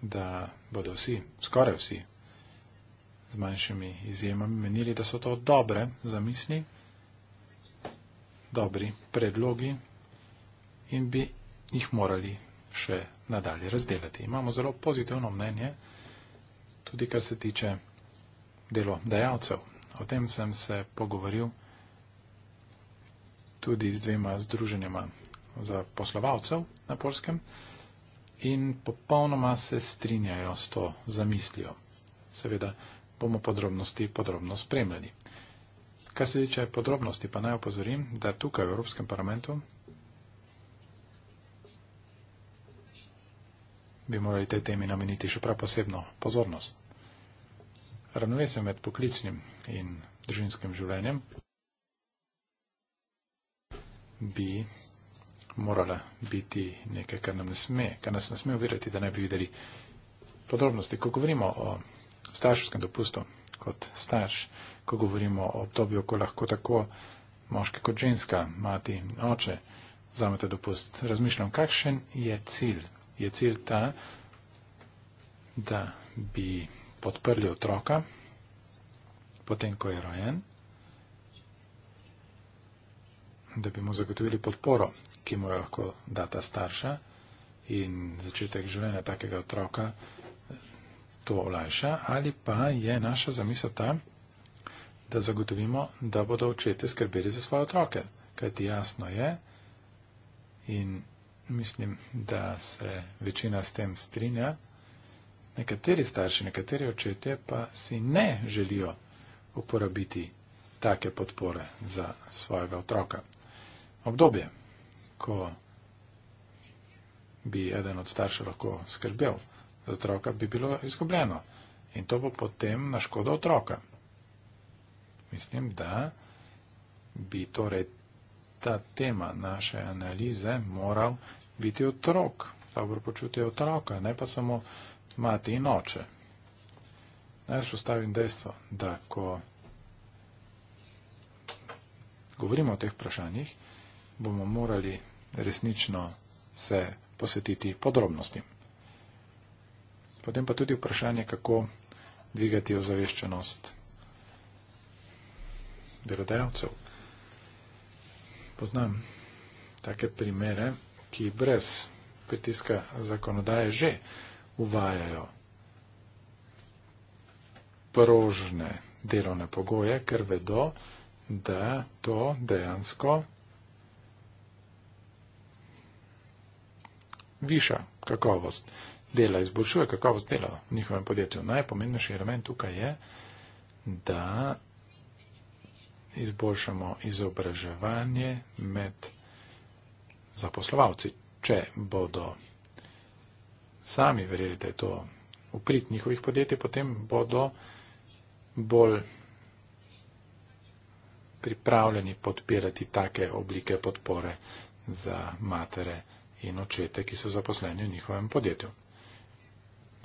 da bodo vsi, skoraj vsi, z manjšimi izjemami menili, da so to dobre zamisli, dobri predlogi in bi jih morali še nadalje razdelati. Imamo zelo pozitivno mnenje, tudi kar se tiče delo dejavcev. O tem sem se pogovoril tudi z dvema združenjama za poslovalcev na Polskem in popolnoma se strinjajo s to zamislijo. Seveda bomo podrobnosti podrobno spremljali. Kar se tiče podrobnosti, pa naj opozorim, da tukaj v Evropskem parlamentu bi morali tej temi nameniti še prav posebno pozornost. Ravnovesje med poklicnim in družinskim življenjem bi morala biti nekaj, kar, nam ne sme, kar nas ne sme uvirati, da ne bi videli podrobnosti. Ko govorimo o starševskem dopustu kot starš, ko govorimo o obdobju, ko lahko tako moški kot ženska, mati, oče, vzamete dopust, razmišljam, kakšen je cilj je cilj ta, da bi podprli otroka, potem ko je rojen, da bi mu zagotovili podporo, ki mu jo lahko data starša in začetek življenja takega otroka to olajša, ali pa je naša zamisel ta, da zagotovimo, da bodo očete skrbeli za svoje otroke. Kajti jasno je in mislim, da se večina s tem strinja. Nekateri starši, nekateri očete pa si ne želijo uporabiti take podpore za svojega otroka. Obdobje, ko bi eden od staršev lahko skrbel za otroka, bi bilo izgubljeno in to bo potem na škodo otroka. Mislim, da bi torej ta tema naše analize moral biti otrok, dobro počutje otroka, ne pa samo mati in oče. Naj spostavim dejstvo, da ko govorimo o teh vprašanjih, bomo morali resnično se posvetiti podrobnostim. Potem pa tudi vprašanje, kako dvigati ozaveščenost delodajalcev. Poznam take primere ki brez pritiska zakonodaje že uvajajo prožne delovne pogoje, ker vedo, da to dejansko viša kakovost dela, izboljšuje kakovost dela v njihovem podjetju. Najpomembnejši element tukaj je, da izboljšamo izobraževanje med zaposlovalci, če bodo sami verjeli, da je to uprit njihovih podjetij, potem bodo bolj pripravljeni podpirati take oblike podpore za matere in očete, ki so zaposleni v njihovem podjetju.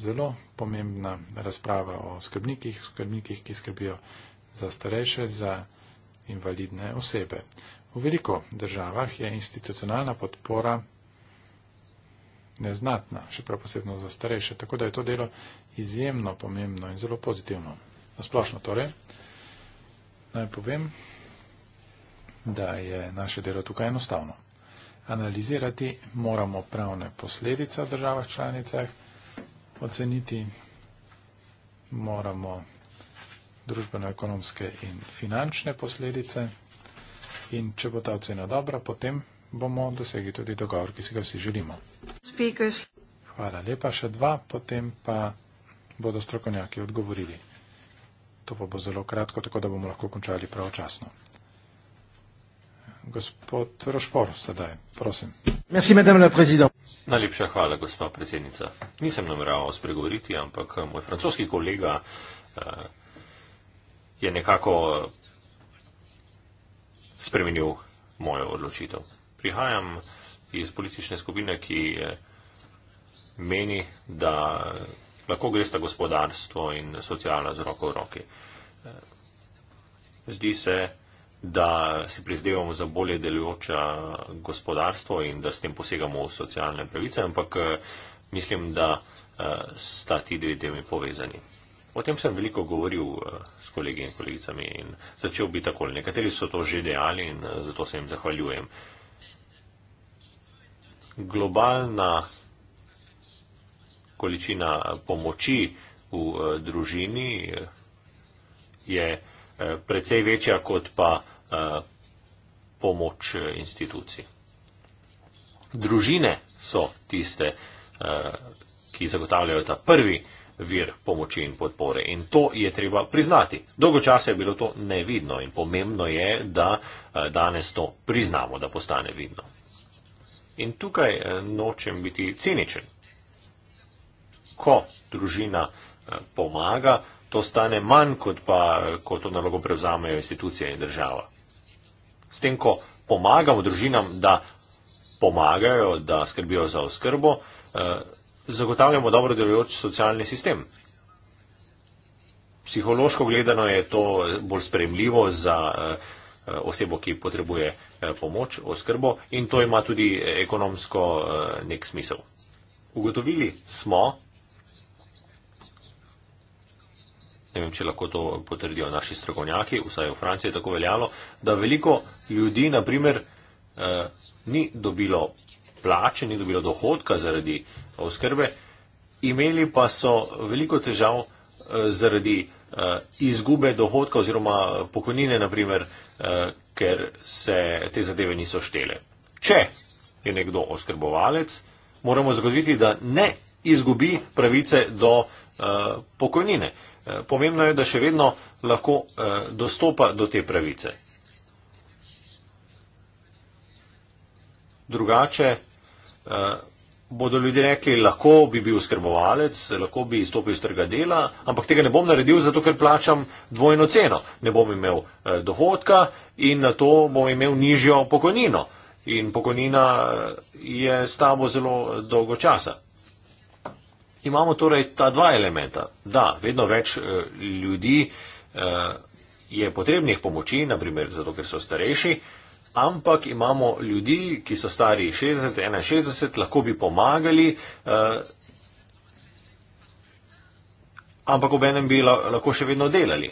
Zelo pomembna razprava o skrbnikih, skrbnikih, ki skrbijo za starejše, za invalidne osebe. V veliko državah je institucionalna podpora neznatna, še prav posebno za starejše, tako da je to delo izjemno pomembno in zelo pozitivno. Na splošno torej, naj povem, da je naše delo tukaj enostavno. Analizirati moramo pravne posledice v državah članicah, oceniti moramo družbeno-ekonomske in finančne posledice in če bo ta ocena dobra, potem bomo dosegli tudi dogovor, ki si ga vsi želimo. Speakers. Hvala lepa, še dva, potem pa bodo strokovnjaki odgovorili. To pa bo zelo kratko, tako da bomo lahko končali pravočasno. Gospod Rošfor, sedaj, prosim. Merci, Najlepša hvala, gospa predsednica. Nisem nameraval spregovoriti, ampak eh, moj francoski kolega uh, je nekako spremenil mojo odločitev. Prihajam iz politične skupine, ki eh, meni, da eh, lahko gre sta gospodarstvo in socialna z roko v roki. Eh, zdi se, da si prizdevamo za bolje delujoča gospodarstvo in da s tem posegamo v socialne pravice, ampak mislim, da sta ti dve temi povezani. O tem sem veliko govoril eh, s kolegi in kolegicami in začel bi takole. Nekateri so to že dejali in eh, zato se jim zahvaljujem. Globalna količina eh, pomoči v družini je precej večja kot pa pomoč institucij. Družine so tiste, ki zagotavljajo ta prvi vir pomoči in podpore. In to je treba priznati. Dolgo časa je bilo to nevidno in pomembno je, da eh, danes to priznamo, da postane vidno. In tukaj eh, nočem biti ciničen. Ko družina eh, pomaga, to stane manj, kot pa, ko to nalogo prevzamejo institucije in država. S tem, ko pomagamo družinam, da pomagajo, da skrbijo za oskrbo, zagotavljamo dobro delujoč socialni sistem. Psihološko gledano je to bolj spremljivo za eh, osebo, ki potrebuje eh, pomoč, oskrbo in to ima tudi eh, ekonomsko nek smisel. Ugotovili smo, ne vem, če lahko to potrdijo naši strokovnjaki, vsaj v Franciji je tako veljalo, da veliko ljudi, naprimer, ni dobilo plače, ni dobilo dohodka zaradi oskrbe, imeli pa so veliko težav uh, zaradi uh, izgube dohodka oziroma eh, pokojnine, naprimer, uh, ker se te zadeve niso štele. Če je nekdo oskrbovalec, moramo zagotoviti, da ne izgubi pravice do uh, pokojnine. Pomembno je, da še vedno lahko uh, dostopa do te pravice. Drugače, uh, bodo ljudje rekli, lahko bi bil skrbovalec, lahko bi izstopil iz trga dela, ampak tega ne bom naredil, zato ker plačam dvojno ceno. Ne bom imel eh, dohodka in na to bom imel nižjo pokojnino. In pokojnina eh, je s tabo zelo eh, dolgo časa. Imamo torej ta dva elementa. Da, vedno več eh, ljudi eh, je potrebnih pomoči, naprimer zato, ker so starejši. Eh, ampak imamo ljudi, ki so stari 60, 61, lahko bi pomagali, eh, ampak ob enem bi lahko še vedno delali.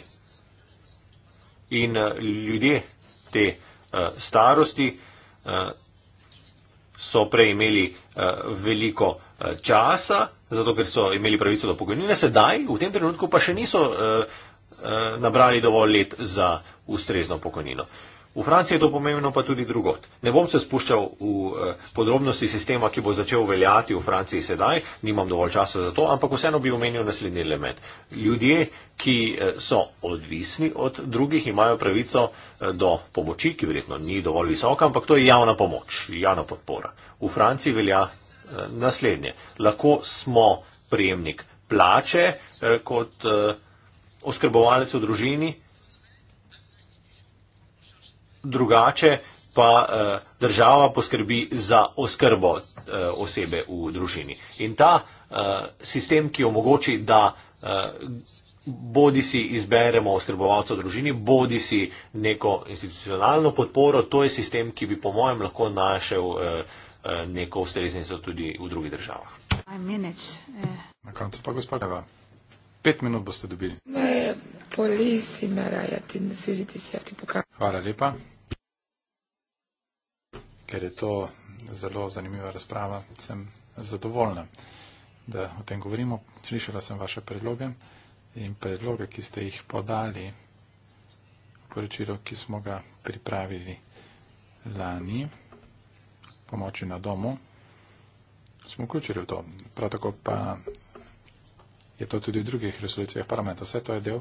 In eh, ljudje te eh, starosti eh, so prej imeli eh, veliko eh, časa, zato ker so imeli pravico do pokojnine, sedaj v tem trenutku pa še niso eh, eh, nabrali dovolj let za ustrezno pokojnino. Eh, V Franciji je to pomembno, pa tudi drugot. Ne bom se spuščal v eh, podrobnosti sistema, ki bo začel veljati v Franciji sedaj, nimam dovolj časa za to, ampak vseeno bi omenil naslednji element. Ljudje, ki eh, so odvisni od drugih, imajo pravico eh, do pomoči, ki verjetno ni dovolj visoka, ampak to je javna pomoč, javna podpora. V Franciji velja naslednje. Lahko smo prijemnik plače kot oskrbovalec v družini, drugače pa eh, država poskrbi za oskrbo eh, osebe v družini. In ta eh, sistem, ki omogoči, da eh, bodi si izberemo oskrbovalca v družini, bodi si neko institucionalno podporo, to je sistem, ki bi po mojem lahko našel eh, eh neko ustreznico tudi v drugih državah. Eh. Na koncu pa gospodava. Pet minut boste dobili. Hvala lepa ker je to zelo zanimiva razprava, sem zadovoljna, da o tem govorimo. Slišala sem vaše predloge in predloge, ki ste jih podali v poročilo, ki smo ga pripravili lani, pomoči na domu, smo vključili v to. Prav tako pa je to tudi v drugih resolucijah parlamenta. Vse to je del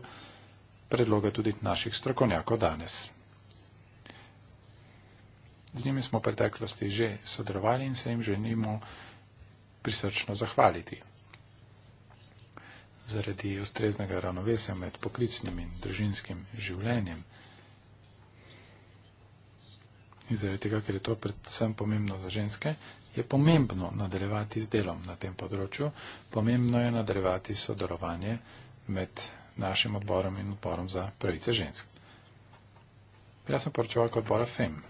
predloga tudi naših strokovnjakov danes. Z njimi smo v preteklosti že sodelovali in se jim želimo prisrčno zahvaliti. Zaradi ustreznega ravnovesja med poklicnim in družinskim življenjem in zaradi tega, ker je to predvsem pomembno za ženske, je pomembno nadaljevati z delom na tem področju, pomembno je nadaljevati sodelovanje med našim odborom in odborom za pravice žensk. Jaz sem poročevalka odbora FEM.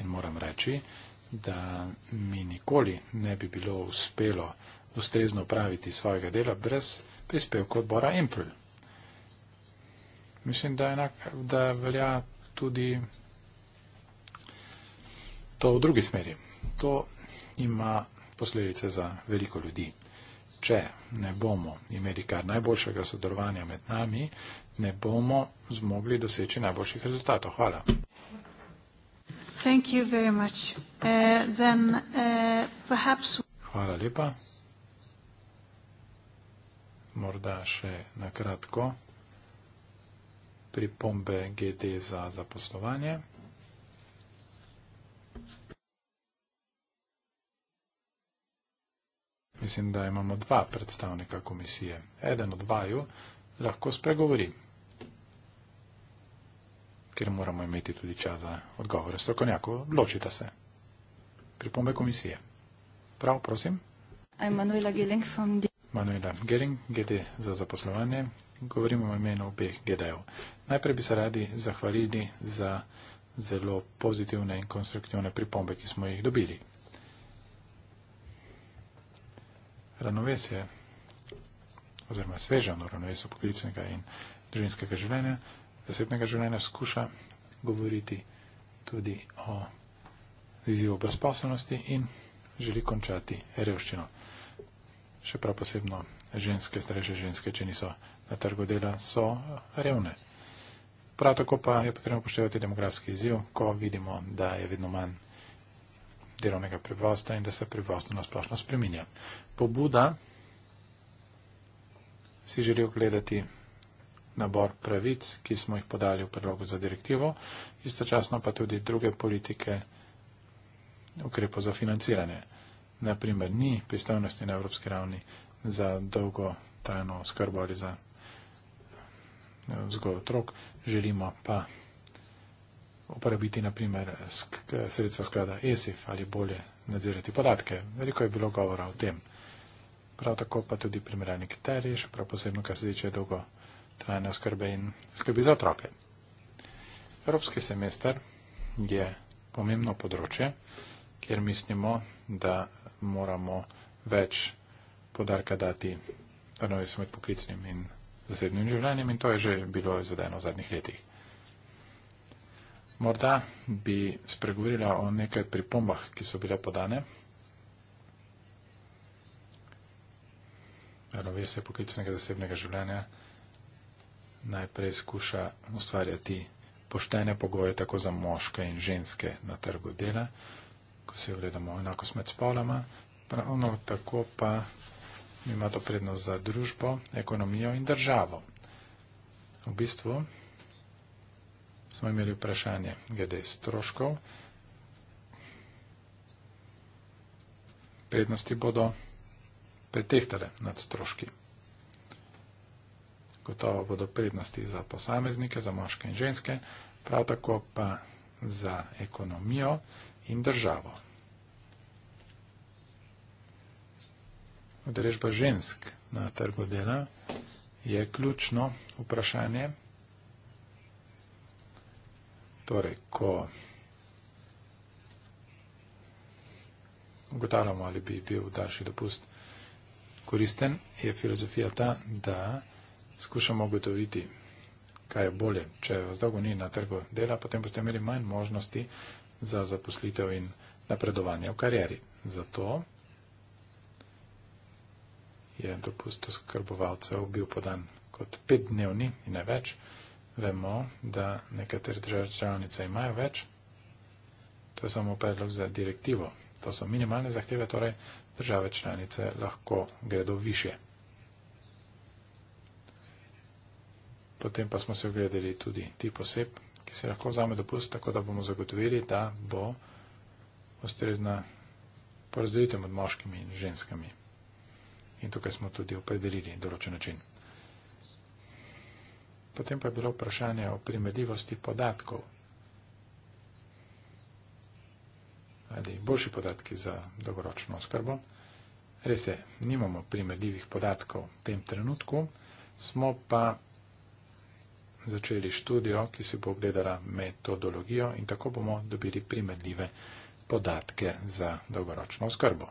In moram reči, da mi nikoli ne bi bilo uspelo ustrezno upraviti svojega dela brez prispevka odbora Empl. Mislim, da, enak, da velja tudi to v drugi smeri. To ima posledice za veliko ljudi. Če ne bomo imeli kar najboljšega sodelovanja med nami, ne bomo zmogli doseči najboljših rezultatov. Hvala. Thank you very much. Uh, then uh, perhaps. Hvala lepa. Morda še na kratko pripombe GD za zaposlovanje. Mislim, da imamo dva predstavnika komisije. Eden od vaju lahko spregovori ker moramo imeti tudi čas za odgovore strokovnjakov. Ločite se. Pripombe komisije. Prav, prosim. Manuela Gering, GD za zaposlovanje. Govorimo o imenu obeh GD-ev. Najprej bi se radi zahvalili za zelo pozitivne in konstruktivne pripombe, ki smo jih dobili. Ranovesje oziroma sveženo ranovesje poklicnega in družinskega življenja zasebnega življenja skuša govoriti tudi o izzivu brezposobnosti in želi končati revščino. Še prav posebno ženske, starejše ženske, če niso na trgu dela, so revne. Prav tako pa je potrebno upoštevati demografski izziv, ko vidimo, da je vedno manj delovnega prebivalstva in da se prebivalstvo nasplošno spreminja. Pobuda si želi ogledati nabor pravic, ki smo jih podali v predlogu za direktivo, istočasno pa tudi druge politike ukrepo za financiranje. Naprimer, ni pristojnosti na evropski ravni za dolgo trajno skrbo ali za eh, vzgoj otrok, želimo pa uporabiti naprimer sk sredstva sklada ESIF ali bolje nadzirati podatke. Veliko je bilo govora o tem. Prav tako pa tudi primerjalni kriterij, še prav posebno, kar se tiče dolgo trajne oskrbe in skrbi za otroke. Evropski semester je pomembno področje, kjer mislimo, da moramo več podarka dati trnovesu med poklicnim in zasebnim življenjem in to je že bilo izvedeno v zadnjih letih. Morda bi spregovorila o nekaj pripombah, ki so bile podane. Ravnovesje poklicnega zasebnega življenja najprej skuša ustvarjati poštene pogoje tako za moške in ženske na trgu dela, ko se ogledamo enako s med spoloma, pravno tako pa ima to prednost za družbo, ekonomijo in državo. V bistvu smo imeli vprašanje glede stroškov. Prednosti bodo pretehtale nad stroški gotovo bodo prednosti za posameznike, za moške in ženske, prav tako pa za ekonomijo in državo. Udeležba žensk na trgu dela je ključno vprašanje. Torej, ko ugotavljamo, ali bi bil daljši dopust koristen, je filozofija ta, da skušamo ugotoviti, kaj je bolje. Če vas dolgo ni na trgu dela, potem boste imeli manj možnosti za zaposlitev in napredovanje v karjeri. Zato je dopust oskrbovalcev bil podan kot petdnevni in ne več. Vemo, da nekatere države članice imajo več. To je samo predlog za direktivo. To so minimalne zahteve, torej države članice lahko gredo više. potem pa smo se ogledali tudi ti poseb, ki se lahko vzame dopust, tako da bomo zagotovili, da bo ustrezna porazdelitev med moškimi in ženskami. In tukaj smo tudi opredelili določen način. Potem pa je bilo vprašanje o primerljivosti podatkov. Ali boljši podatki za dolgoročno oskrbo. Res je, nimamo primerljivih podatkov v tem trenutku, smo pa začeli študijo, ki si bo ogledala metodologijo in tako bomo dobili primerljive podatke za dolgoročno oskrbo.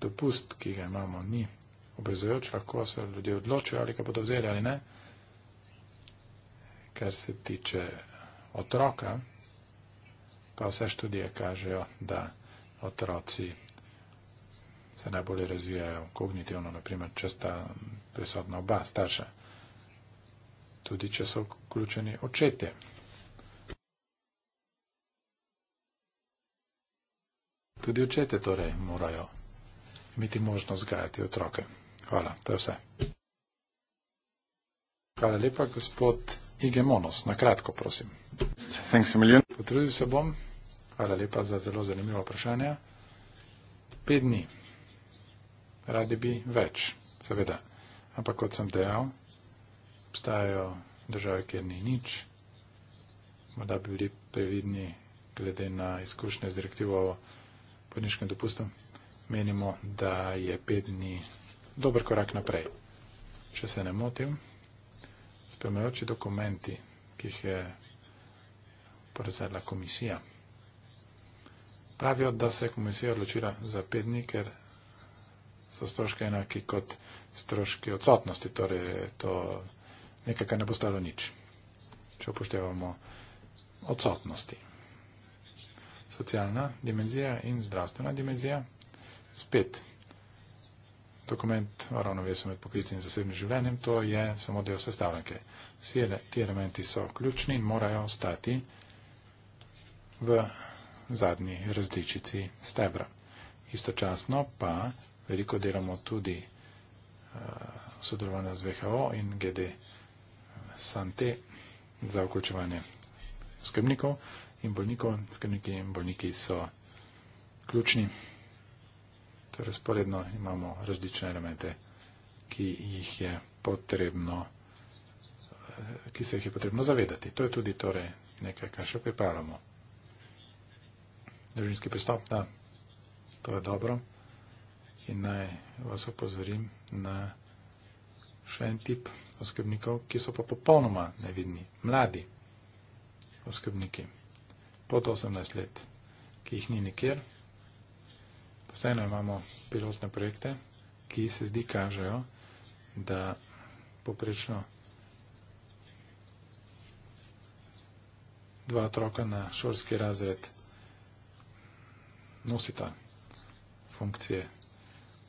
Dopust, ki ga imamo, ni obvezujoč, lahko se ljudje odločijo, ali ga bodo vzeli ali ne. Ker se tiče otroka, pa vse študije kažejo, da otroci se najbolje razvijajo kognitivno, naprimer, če sta prisotna oba starša, tudi če so vključeni očetje. Tudi očete torej morajo imeti možnost gajati otroke. Hvala, to je vse. Hvala lepa, gospod Igemonos. Na kratko, prosim. Potrudil se bom. Hvala lepa za zelo zanimivo vprašanje. Pet dni radi bi več, seveda. Ampak kot sem dejal, obstajajo države, kjer ni nič, morda bi bili previdni glede na izkušnje z direktivo o podniškem dopustu. Menimo, da je pet dni dober korak naprej. Če se ne motim, spremljajoči dokumenti, ki jih je porazadila komisija, pravijo, da se je komisija odločila za pet dni, ker so stroške enaki kot stroški odsotnosti, torej to nekaj, kar ne bo stalo nič, če upoštevamo odsotnosti. Socialna dimenzija in zdravstvena dimenzija. Spet dokument o ravnovesju med poklicnim in zasebnim življenjem, to je samo del sestavljanke. Vsi ti elementi so ključni in morajo ostati v zadnji različici stebra. Istočasno pa veliko delamo tudi uh, eh, sodelovanja z VHO in GD Sante za vključevanje skrbnikov in bolnikov. Skrbniki in bolniki so ključni. Torej, sporedno imamo različne elemente, ki jih je potrebno eh, ki se jih je potrebno zavedati. To je tudi torej nekaj, kar še pripravljamo. Družinski pristop, da, to je dobro in naj vas opozorim na še en tip oskrbnikov, ki so pa popolnoma nevidni, mladi oskrbniki pod 18 let, ki jih ni nikjer. Vseeno imamo pilotne projekte, ki se zdi kažejo, da poprečno dva otroka na šolski razred nosita funkcije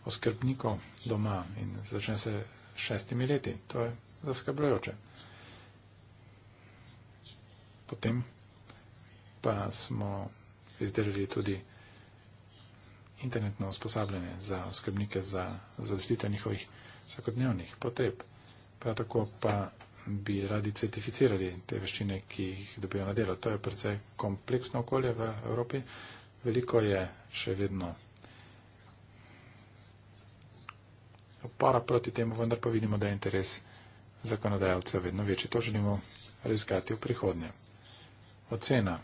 oskrbnikov doma in začne se šestimi leti. To je zaskrbljujoče. Potem pa smo izdelali tudi internetno usposabljanje za oskrbnike za zaslitev njihovih vsakodnevnih potreb. Prav tako pa bi radi certificirali te veščine, ki jih dobijo na delo. To je precej kompleksno okolje v Evropi. Veliko je še vedno upara proti temu, vendar pa vidimo, da je interes zakonodajalca vedno večji. To želimo raziskati v prihodnje. Ocena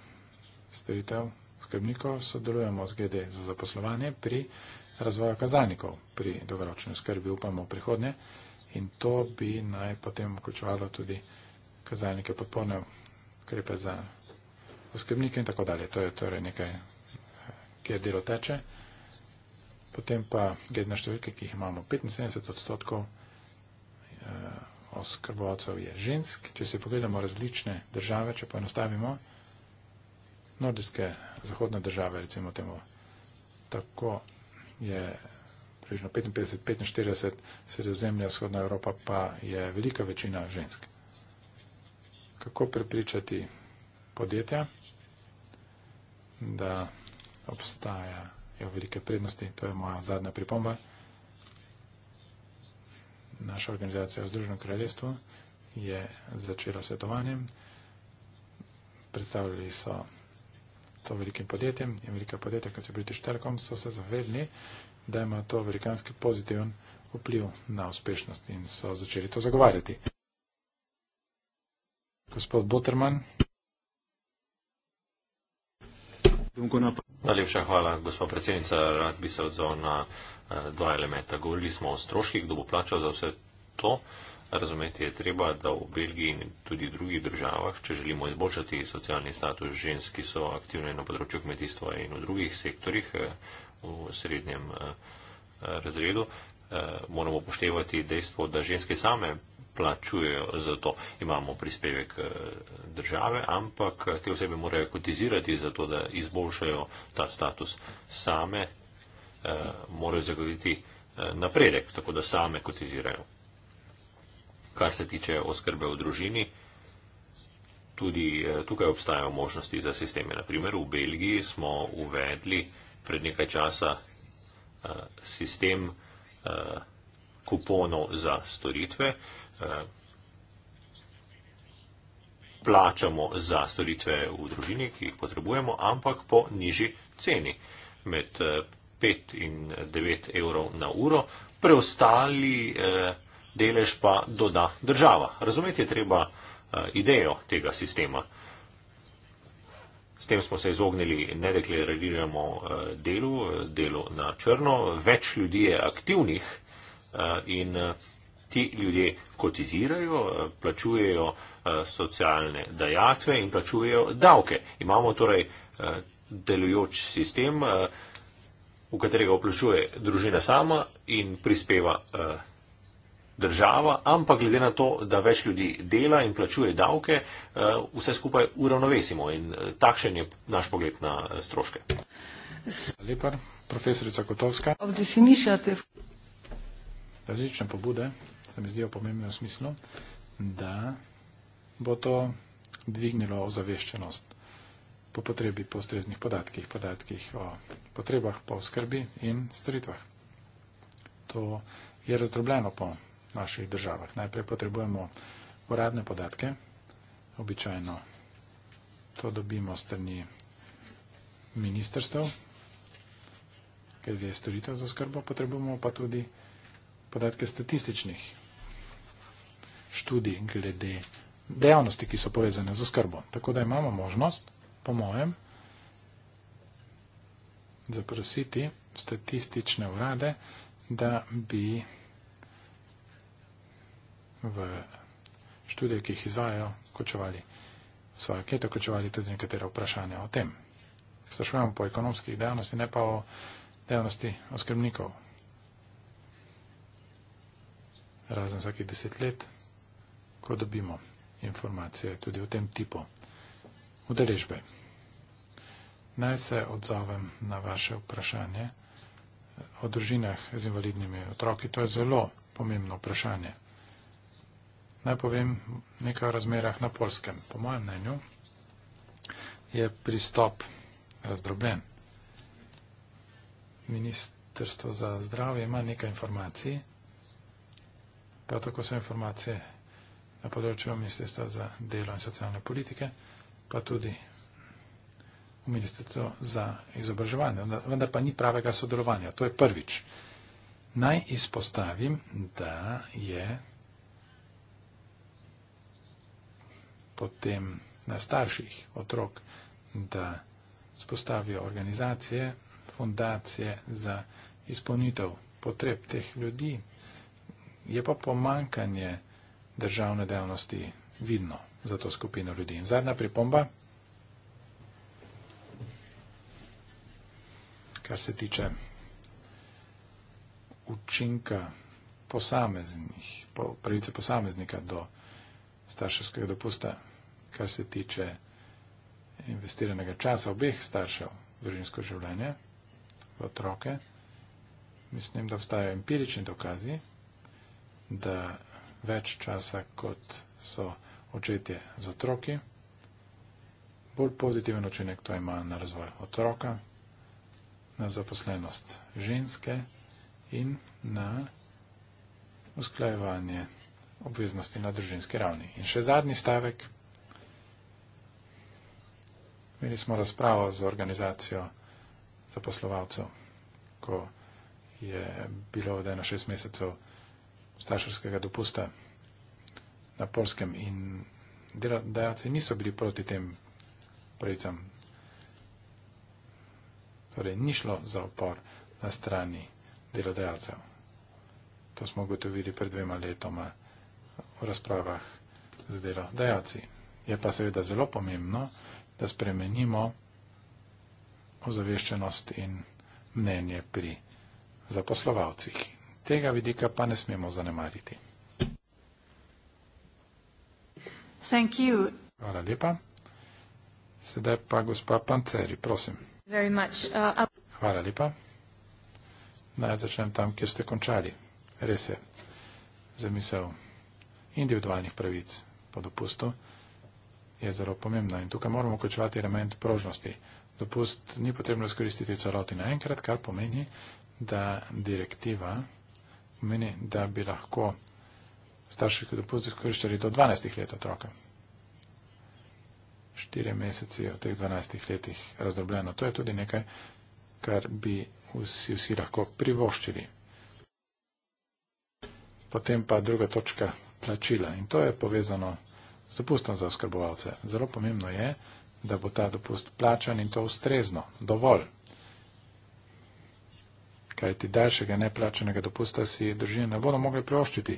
storitev skrbnikov sodelujemo z GD za zaposlovanje pri razvoju kazalnikov pri dolgoročni skrbi, upamo v prihodnje. In to bi naj potem vključevalo tudi kazalnike podporne ukrepe za oskrbnike in tako dalje. To je torej nekaj, kjer delo teče. Potem pa glede na številke, ki jih imamo, 75 odstotkov eh, oskrbovalcev je žensk. Če si pogledamo različne države, če poenostavimo, nordijske zahodne države, recimo temu, tako je približno 55-45 sredozemlja, vzhodna Evropa pa je velika večina žensk. Kako prepričati podjetja, da obstaja imajo velike prednosti. To je moja zadnja pripomba. Naša organizacija v Združenem kraljestvu je začela svetovanjem. Predstavljali so to velikim podjetjem in velika podjetja, kot je British Telecom, so se zavedli, da ima to velikanski pozitiven vpliv na uspešnost in so začeli to zagovarjati. Gospod Butterman. Najlepša hvala, gospod predsednica. Rad bi se odzval na eh, dva elementa. Govorili smo o stroških, kdo bo plačal za vse to. Razumeti je treba, da v Belgiji in tudi drugih državah, če želimo izboljšati socialni status žensk, ki so aktivne na področju kmetijstva in v drugih sektorjih eh, v srednjem eh, razredu, moramo upoštevati dejstvo, da ženske same plačujejo za to. Imamo prispevek eh, države, ampak eh, te osebe morajo kotizirati za to, da izboljšajo ta status same, eh, morajo zagoditi napredek, tako da same kotizirajo. Kar se tiče oskrbe v družini, tudi tukaj obstajajo možnosti za sisteme. Naprimer, v Belgiji smo uvedli pred nekaj časa sistem kuponov za storitve. Eh, plačamo za storitve v družini, ki jih potrebujemo, ampak po nižji ceni, med 5 eh, in 9 evrov na uro, preostali eh, delež pa doda država. Razumeti je treba idejo tega sistema. S tem smo se izognili nedeklariranemu delu, delu na črno. Več ljudi je aktivnih in ti ljudje kotizirajo, plačujejo eh, socialne dajatve in plačujejo davke. Imamo torej eh, delujoč sistem, eh, v katerega vplačuje družina sama in prispeva država, ampak glede na to, da več ljudi dela in plačuje davke, vse skupaj uravnovesimo in takšen je naš pogled na stroške. Lepar, profesorica Kotovska. Različne pobude se mi zdijo pomembne v smislu, da bo to dvignilo ozaveščenost po potrebi po ustreznih podatkih, podatkih o potrebah po skrbi in storitvah. To je razdrobljeno po naših državah. Najprej potrebujemo uradne podatke, običajno to dobimo strani ministerstv, ker je storitev za skrbo, potrebujemo pa tudi podatke statističnih študij glede dejavnosti, ki so povezane z oskrbo. Tako da imamo možnost, po mojem, zaprositi statistične urade, da bi v študije, ki jih izvajajo, kočevali svoje kete, kočevali tudi nekatere vprašanja o tem. Sprašujemo po ekonomskih dejavnosti, ne pa o dejavnosti oskrbnikov. Razen vsakih deset let ko dobimo informacije tudi o tem tipu udeležbe. Naj se odzovem na vaše vprašanje o družinah z invalidnimi otroki. To je zelo pomembno vprašanje. Naj povem nekaj o razmerah na polskem. Po mojem mnenju je pristop razdroben. Ministrstvo za zdravje ima nekaj informacij, prav tako so informacije na področju Ministrstva za delo in socialne politike, pa tudi v Ministrstvo za izobraževanje. Vendar pa ni pravega sodelovanja. To je prvič. Naj izpostavim, da je potem na starših otrok, da spostavijo organizacije, fundacije za izpolnitev potreb teh ljudi. Je pa pomankanje državne dejavnosti vidno za to skupino ljudi. In zadnja pripomba, kar se tiče učinka posameznih, pravice posameznika do starševskega dopusta, kar se tiče investiranega časa obeh staršev v družinsko življenje, v otroke, mislim, da obstajajo empirični dokazi, da več časa kot so očetje z otroki. Bolj pozitiven učinek to ima na razvoj otroka, na zaposlenost ženske in na usklajevanje obveznosti na družinski ravni. In še zadnji stavek. Imeli smo razpravo z organizacijo zaposlovalcev, ko je bilo vdeno šest mesecev starševskega dopusta na polskem in delodajalci niso bili proti tem pravicam. Torej, ni šlo za upor na strani delodajalcev. To smo gotovili pred dvema letoma v razpravah z delodajalci. Je pa seveda zelo pomembno, da spremenimo ozaveščenost in mnenje pri zaposlovalcih tega vidika pa ne smemo zanemariti. Thank you. Hvala lepa. Sedaj pa gospa Panceri, prosim. Very much. Uh, Hvala lepa. Naj začnem tam, kjer ste končali. Res je. Zamisel individualnih pravic po dopustu je zelo pomembna in tukaj moramo vključevati element prožnosti. Dopust ni potrebno izkoristiti v celoti naenkrat, kar pomeni, da direktiva pomeni, da bi lahko starševski dopust izkoriščali do 12 let otroka. 4 meseci je v teh 12 letih razdobljeno. To je tudi nekaj, kar bi vsi, vsi lahko privoščili. Potem pa druga točka plačila in to je povezano z dopustom za oskrbovalce. Zelo pomembno je, da bo ta dopust plačan in to ustrezno, dovolj kajti daljšega neplačenega dopusta si družine ne bodo mogli prioščiti,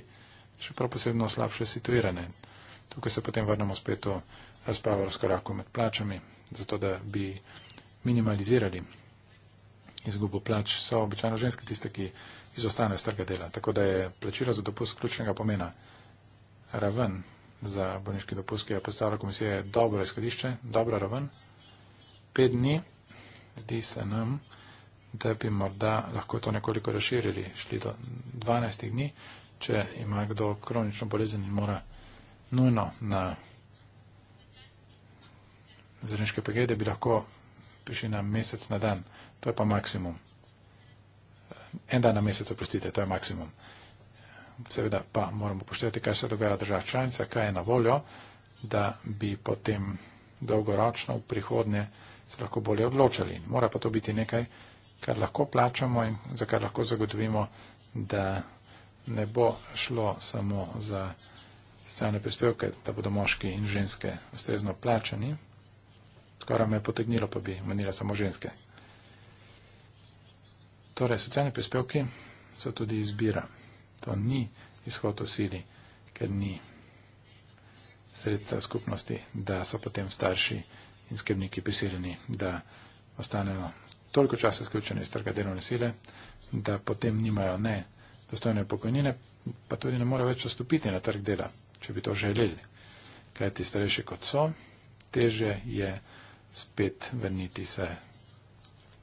še prav posebno slabše situirane. Tukaj se potem vrnemo spet v razpravo o skoraku med plačami, zato da bi minimalizirali izgubo plač, so običajno ženske tiste, ki izostanejo z trga dela. Tako da je plačilo za dopust ključnega pomena. Raven za bolniški dopust, ki je predstavila komisija, je dobro izhodišče, dobra raven. Pet dni, zdi se nam, da bi morda lahko to nekoliko razširili, šli do 12 dni, če ima kdo kronično bolezen in mora nujno na zrniške pegede, bi lahko prišli na mesec na dan. To je pa maksimum. En dan na mesec, oprostite, to je maksimum. Seveda pa moramo poštevati, kaj se dogaja v državah članica, kaj je na voljo, da bi potem dolgoročno v prihodnje se lahko bolje odločali. Mora pa to biti nekaj, kar lahko plačamo in za kar lahko zagotovimo, da ne bo šlo samo za socialne prispevke, da bodo moški in ženske ustrezno plačani. Skoraj me je potegnilo, pa bi manjila samo ženske. Torej, socialni prispevki so tudi izbira. To ni izhod v sili, ker ni sredstva skupnosti, da so potem starši in skrbniki prisiljeni, da ostanejo toliko časa izključeni iz trga delovne sile, da potem nimajo ne dostojne pokojnine, pa tudi ne morejo več vstopiti na trg dela, če bi to želeli. Kaj ti starejši kot so, teže je spet vrniti se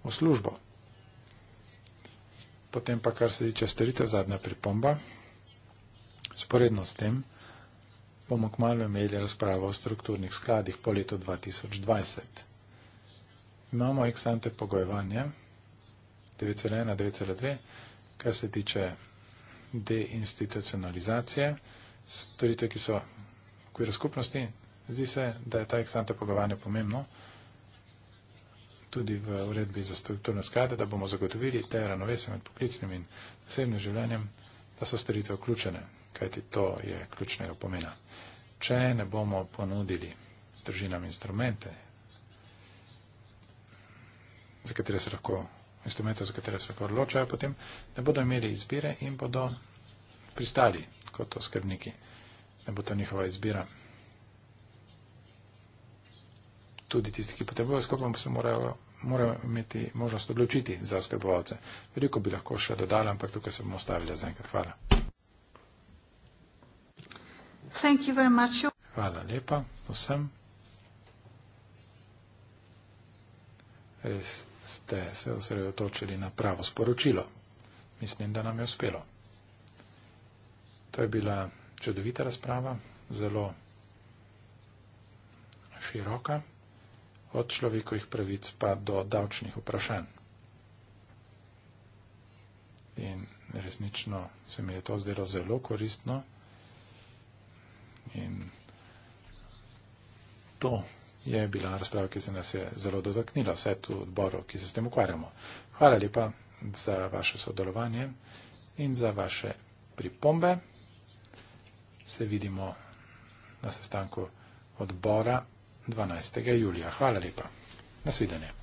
v službo. Potem pa, kar se tiče storitev, zadnja pripomba. Sporedno s tem bomo kmalo imeli razpravo o strukturnih skladih po letu 2020 imamo eksante pogojevanje 9,1, 9,2, kar se tiče deinstitucionalizacije, storitev, ki so v okviru skupnosti, zdi se, da je ta eksante pogojevanje pomembno tudi v uredbi za strukturne sklade, da bomo zagotovili te ravnovesje med poklicnim in zasebnim življenjem, da so storitve vključene, kajti to je ključnega pomena. Če ne bomo ponudili družinam instrumente, za katere se lahko, instrumentov, za katere se lahko odločajo potem, ne bodo imeli izbire in bodo pristali kot oskrbniki. Ne bo to njihova izbira. Tudi tisti, ki potrebujejo oskrbo, se morajo, morajo imeti možnost odločiti za oskrbovalce. Veliko bi lahko še dodala, ampak tukaj se bomo ostavili za enkrat. Hvala. Thank you very much. Hvala lepa vsem. Res ste se osredotočili na pravo sporočilo. Mislim, da nam je uspelo. To je bila čudovita razprava, zelo široka, od človekovih pravic pa do davčnih vprašanj. In resnično se mi je to zdelo zelo koristno. In to je bila razprava, ki se nas je zelo dotaknila, vse tu odboru, ki se s tem ukvarjamo. Hvala lepa za vaše sodelovanje in za vaše pripombe. Se vidimo na sestanku odbora 12. julija. Hvala lepa. Nasvidenje.